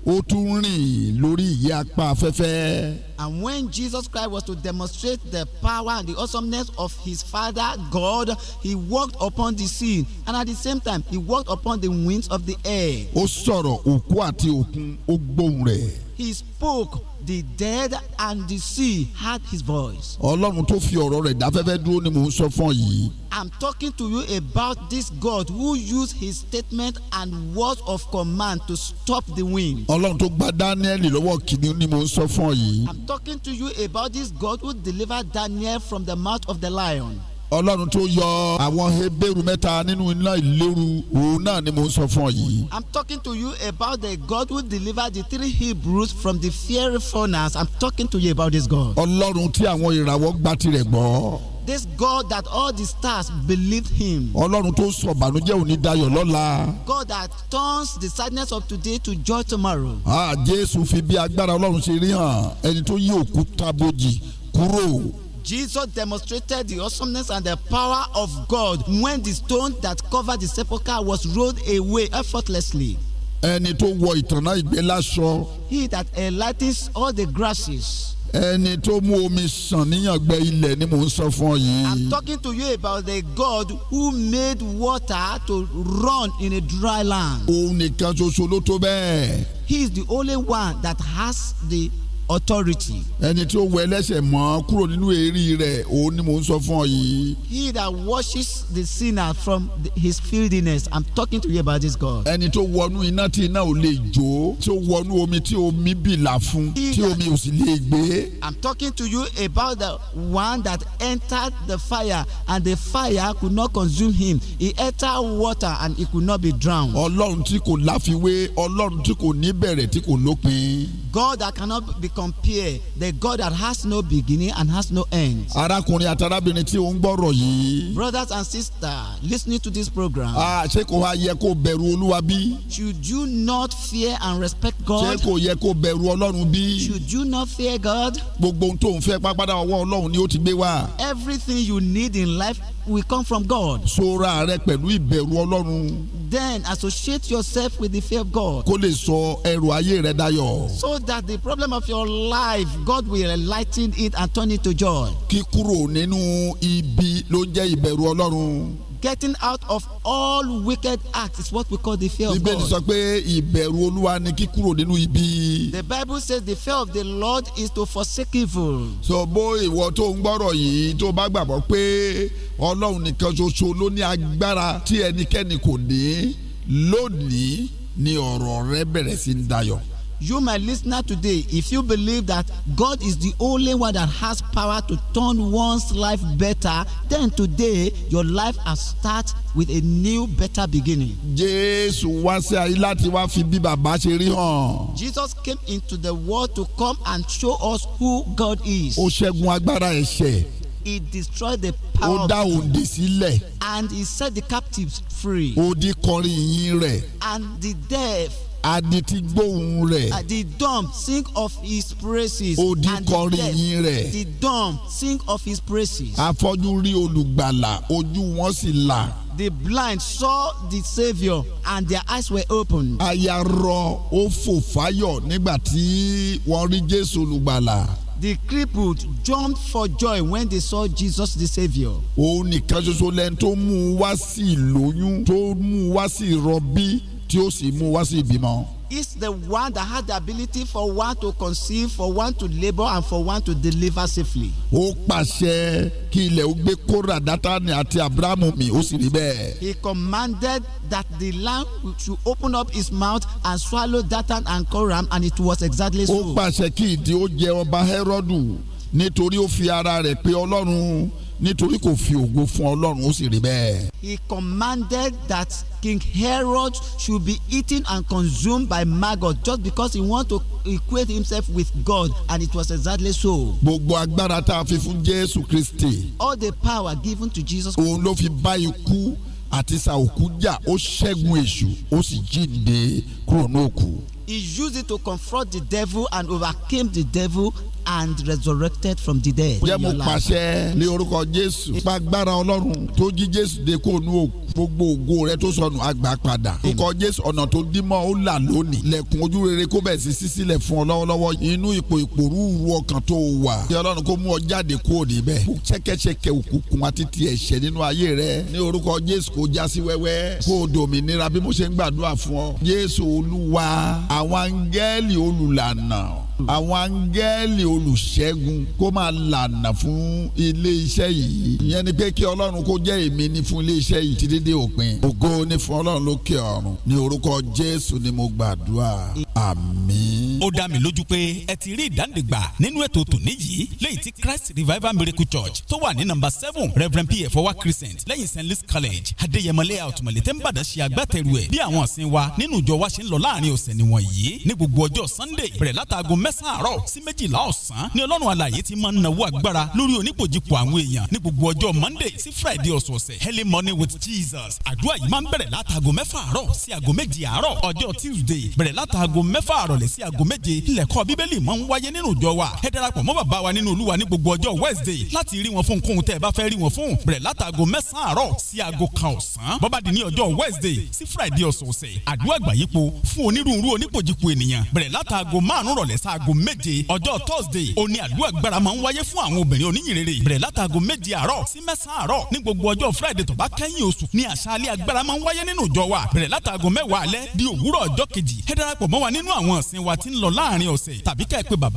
C: ó tún rìn lórí ìyẹ́ apá afẹ́fẹ́. And when Jesus Christ was to demonstrate the power and the awesomeness of his Father God, he walked upon the sea and at the same time he walked upon the winds of the air. ó sọ̀rọ̀ òkú àti òkun ó gbóhùn rẹ̀. He spoke the dead and the sea heard his voice. ọlọ́run tó fi ọ̀rọ̀ rẹ̀ dáfẹ́fẹ́ dúró ni mò ń sọ fún ọ yìí. I'm talking to you about this God who used his statement and words of command to stop the wind. ọlọ́run tó gba Dáníẹ́lì lọ́wọ́ kìíní ni mò ń sọ fún ọ yìí. I'm talking to you about this God who delivered Daniel from the mouth of the lion ọlọ́run tó yọ àwọn Hébérù mẹ́ta nínú iná ìléru òun náà ni mò ń sọ fún ọ yìí. I'm talking to you about the God who delivered the three Hebrews from the fiery furnace. I'm talking to you about this God. ọlọ́run tí àwọn ìràwọ̀ gba tirẹ̀ gbọ́. This God that all the stars believed him. Ọlọ́run tó sọ ìbànújẹ́ òní dayọ̀ lọ́la. God that turns the sadness of today to joy tomorrow. Ah, Jésù fi bí agbára Ọlọ́run ṣe rí hàn ẹni tó yí òkúta bojì kúrò. Jesus demonstrated the awesomeness and the power of God when the stone that covered the sepulchre was rolled away effortlessly. ẹni tó wọ ìtànná ìgbẹ́ láṣọ. he that enlightens all the grasses. ẹni tó mú omi sàn níyàngbẹ ilẹ̀ ni mò ń sọ fún yìí. I'm talking to you about the God who made water to run in a dry land. òun nìkan ṣoṣo ló tó bẹ́ẹ̀. he is the only one that has the authority. ẹni tí ó wẹ ẹlẹ́ṣẹ̀ mọ́ kúrò nínú èérí rẹ̀ òun ni mò ń sọ fún ọ yìí. he that washes the sinner from the, his filthiness i'm talking to you about this God. ẹni tó wọnú iná tí iná ò lè jó tí ó wọnú omi tí omi bìlà fún tí omi ò sì lè gbé. i'm talking to you about the one that entered the fire and the fire could not consume him he entered water and he could not be drowned. ọlọ́run tí kò láfiwé ọlọ́run tí kò ní bẹ̀rẹ̀ tí kò lópin. God that cannot be compare the God that has no beginning and has no end. arákùnrin àtàrábìnrin tí ò ń gbọ́rọ̀ yìí. brothers and sisters listening to this program. ah ṣé kò wá yẹ kó bẹ̀rù olúwa bí. should you not fear and respect God. ṣé kò yẹ kó bẹ̀rù ọlọ́run bí. should you not fear God. gbogbo ohun tó ń fẹ́ pápádà ọwọ́ ọlọ́run ni ó ti gbé wá. everything you need in life will come from God. Sora rẹ pẹ̀lú ìbẹ̀rù Ọlọ́run. Then associate yourself with the fear of God. Kó lè sọ ẹrù ayé rẹ dayọ̀. So that the problem of your life, God will enlighten it and turn it to joy. Kíkúrò nínú ibi ló ń jẹ́ ìbẹ̀rù Ọlọ́run getting out of all wicked acts is what we call the fear of God. Bíbélì sọ pé ìbẹ̀rù Olúwa ni kíkúrò nínú ibi. The Bible says the fear of the Lord is to forsake evil. So bó ìwọ tó ń gbọ́rọ̀ yìí tó bá gbàgbọ́ pé Ọlọ́run nìkan ṣoṣo ló ní agbára tí ẹnikẹ́ni kò ní lónìí ni ọ̀rọ̀ rẹ bẹ̀rẹ̀ sí ń dayọ̀ you, my listener today, if you believe that God is the only one that has power to turn one's life better, then today your life has start with a new better beginning. Jésù wá sí ayé láti wá fi bí bàbá ṣe rí hàn. Jesus came into the world to come and show us who God is. Ó ṣẹ́gun agbára ẹ̀ṣẹ̀. He destroyed the power. Ó dá òǹdè sílẹ̀. And he set the captives free. Ó kọrin ìyìn rẹ̀. And the deaf adití gbóhùn rẹ̀. the dumb sing of his praises. odi kọrin yìn rẹ̀. the dumb sing of his praises. afọ́jú rí olùgbàlà ojú wọn sì là. The blind saw the saviour and their eyes were opened. Aya rọ ó fò fáyọ̀ nígbà tí wọ́n rí Jésù olùgbàlà. The crippled jumped for joy when they saw Jesus the saviour. Òun nìkan ṣoṣo lẹ́ni tó mú un wá sí ìlóyún tó mú un wá sí ìrọbí tí ó sì mú wá sí ìbímọ. is the one that had the ability for one to conceive for one to labour and for one to deliver safely. ó pàṣẹ kí ilẹ̀ ó gbé kóra dátánì àti abrahamu mi ó sì rí bẹ́ẹ̀. he commanded that the land should open up its mouth and swallow datan and koram and it was exactly so. ó pàṣẹ kí ìdí ó jẹ ọba Hẹ́rọ́dù nítorí ó fi ara rẹ̀ pé Ọlọ́run nítorí kò fi ògo fún ọlọ́run ó sì rí bẹ́ẹ̀. he commanded that King Herod should be eaten and consumed by maggots just because he wanted to equate himself with God and it was exactly so. gbogbo agbára tá a fi fún Jésù Kristi. all the power given to Jesus. òun ló fi bá ikú àti sàòkú jà ó ṣẹ́gun èṣù ó sì jíǹde kúrò ní òkú. he used it to confront the devil and overcame the devil and resurrected from the dead. jẹ́ mo pàṣẹ ní orúkọ Jésù. gbàgbára Ọlọ́run tó jí Jésù dé kó nu gbogbo ògo rẹ tó sọnù àgbà padà. orúkọ Jésù ọ̀nà tó dímọ̀ ó là lónìí. lẹ̀kùn ojú rere kó bẹ̀ sí sísílẹ̀ fún ọ lọ́wọ́lọ́wọ́ inú ipò ìpòrúurú ọkàn tó wà. kí Ọlọ́run kó mú ọ jáde kó níbẹ̀. ṣẹ̀kẹ̀ṣẹ̀kẹ̀ òkùnkùn àti ti ẹ̀ṣẹ̀ nínú ayé rẹ. ní orúkọ Jésù kó já sí wẹ́wẹ́. kó o dòmìnira bí mo ṣe ń gbàdúrà fún ọ. Jésù Olúwa àwọn áńgẹ́lì olùlànà àwọn áńgẹ́lì olùṣẹ́gun kó máa lànà fún ilé-iṣẹ́ yìí ìyẹn ni pé kí ọlọ́run kó jẹ́ èmi ní fún ilé-iṣẹ́ yìí títí dé òpin ògo ni fún ọlọ́run lókè ọ̀run ní orúkọ jésù ni mo gbàdúrà
I: àmín. ó dá mi lójú pé ẹ ti rí ìdánidìgbà nínú ètò tòní yìí lẹ́yìn tí christ revival miracle church tó wà ní nàmbà seven reverend pf ọwá crescent lẹ́yìn st louis college adéyẹmọlẹ́ àtùmọ̀lẹ́ tẹ́ ń bàdàn ṣe agbátẹrù ẹ̀ bí àwọn ọ̀sìn wa nínú ìjọ wa ṣe ń lọ láàrin ọ̀sẹ̀ nìwọ̀n yìí ní gbogbo ọjọ́ sunday bẹ̀rẹ̀ látàgọ́ mẹ́sàn-án àárọ̀ sí méjìlá ọ̀sán ni ọlọ́run alààyè ti máa ń nawó agbára lórí onípòjìpò àwọn monday sí friday ọ̀sọ̀ọ̀sẹ̀ early morning with jesus àdúrà yìí máa ń bẹ̀rẹ̀ látàgọ́ mẹ́fà àárọ̀ sí àgọ́ méjì àárọ̀ tuesday bẹ̀rẹ̀ látàgọ́ mẹ́fà àrọ̀lẹ́ sí aago méje ilẹ̀kọ́ bíbélì máa ń wáyé nínú ìjọ wa ẹ darapọ̀ mọ́ bàbá wa nínú olúwa ní gbogbo ọjọ́ wednesday láti rí wọn fún kóhun tẹ́ ẹ bá fẹ́ rí wọn fún bẹ̀rẹ̀ látàgò mẹ́sàn-án àárọ̀ sí aago kan ọ̀sán bọ́bá di ní ọjọ́ wednesday sí friday ọ̀sọ̀ọ̀sẹ̀ àdúrà gbàyípo fún onírúurú onípojípo ènìyàn bẹ̀rẹ̀ látàgò márùn-ún rọ̀lẹ́ sáago méje ọjọ́ thursday òní àdúrà gbára máa ń wáyé fún àwọn obìnrin oníyìnrere bẹ̀rẹ̀ látàgò méje àárọ̀ sí mẹ́sàn-án friday tó bá kẹ́yìn oṣù ní àṣálẹ́ agbára máa ń wáyé wa bẹ̀rẹ̀ látàgò mẹ́wàá alẹ́ di òwúrọ̀ nínú àwọn ọ̀sìn wa tí ń lọ láàrin ọ̀sẹ̀ tàbí kẹ́ ẹ pé bàbá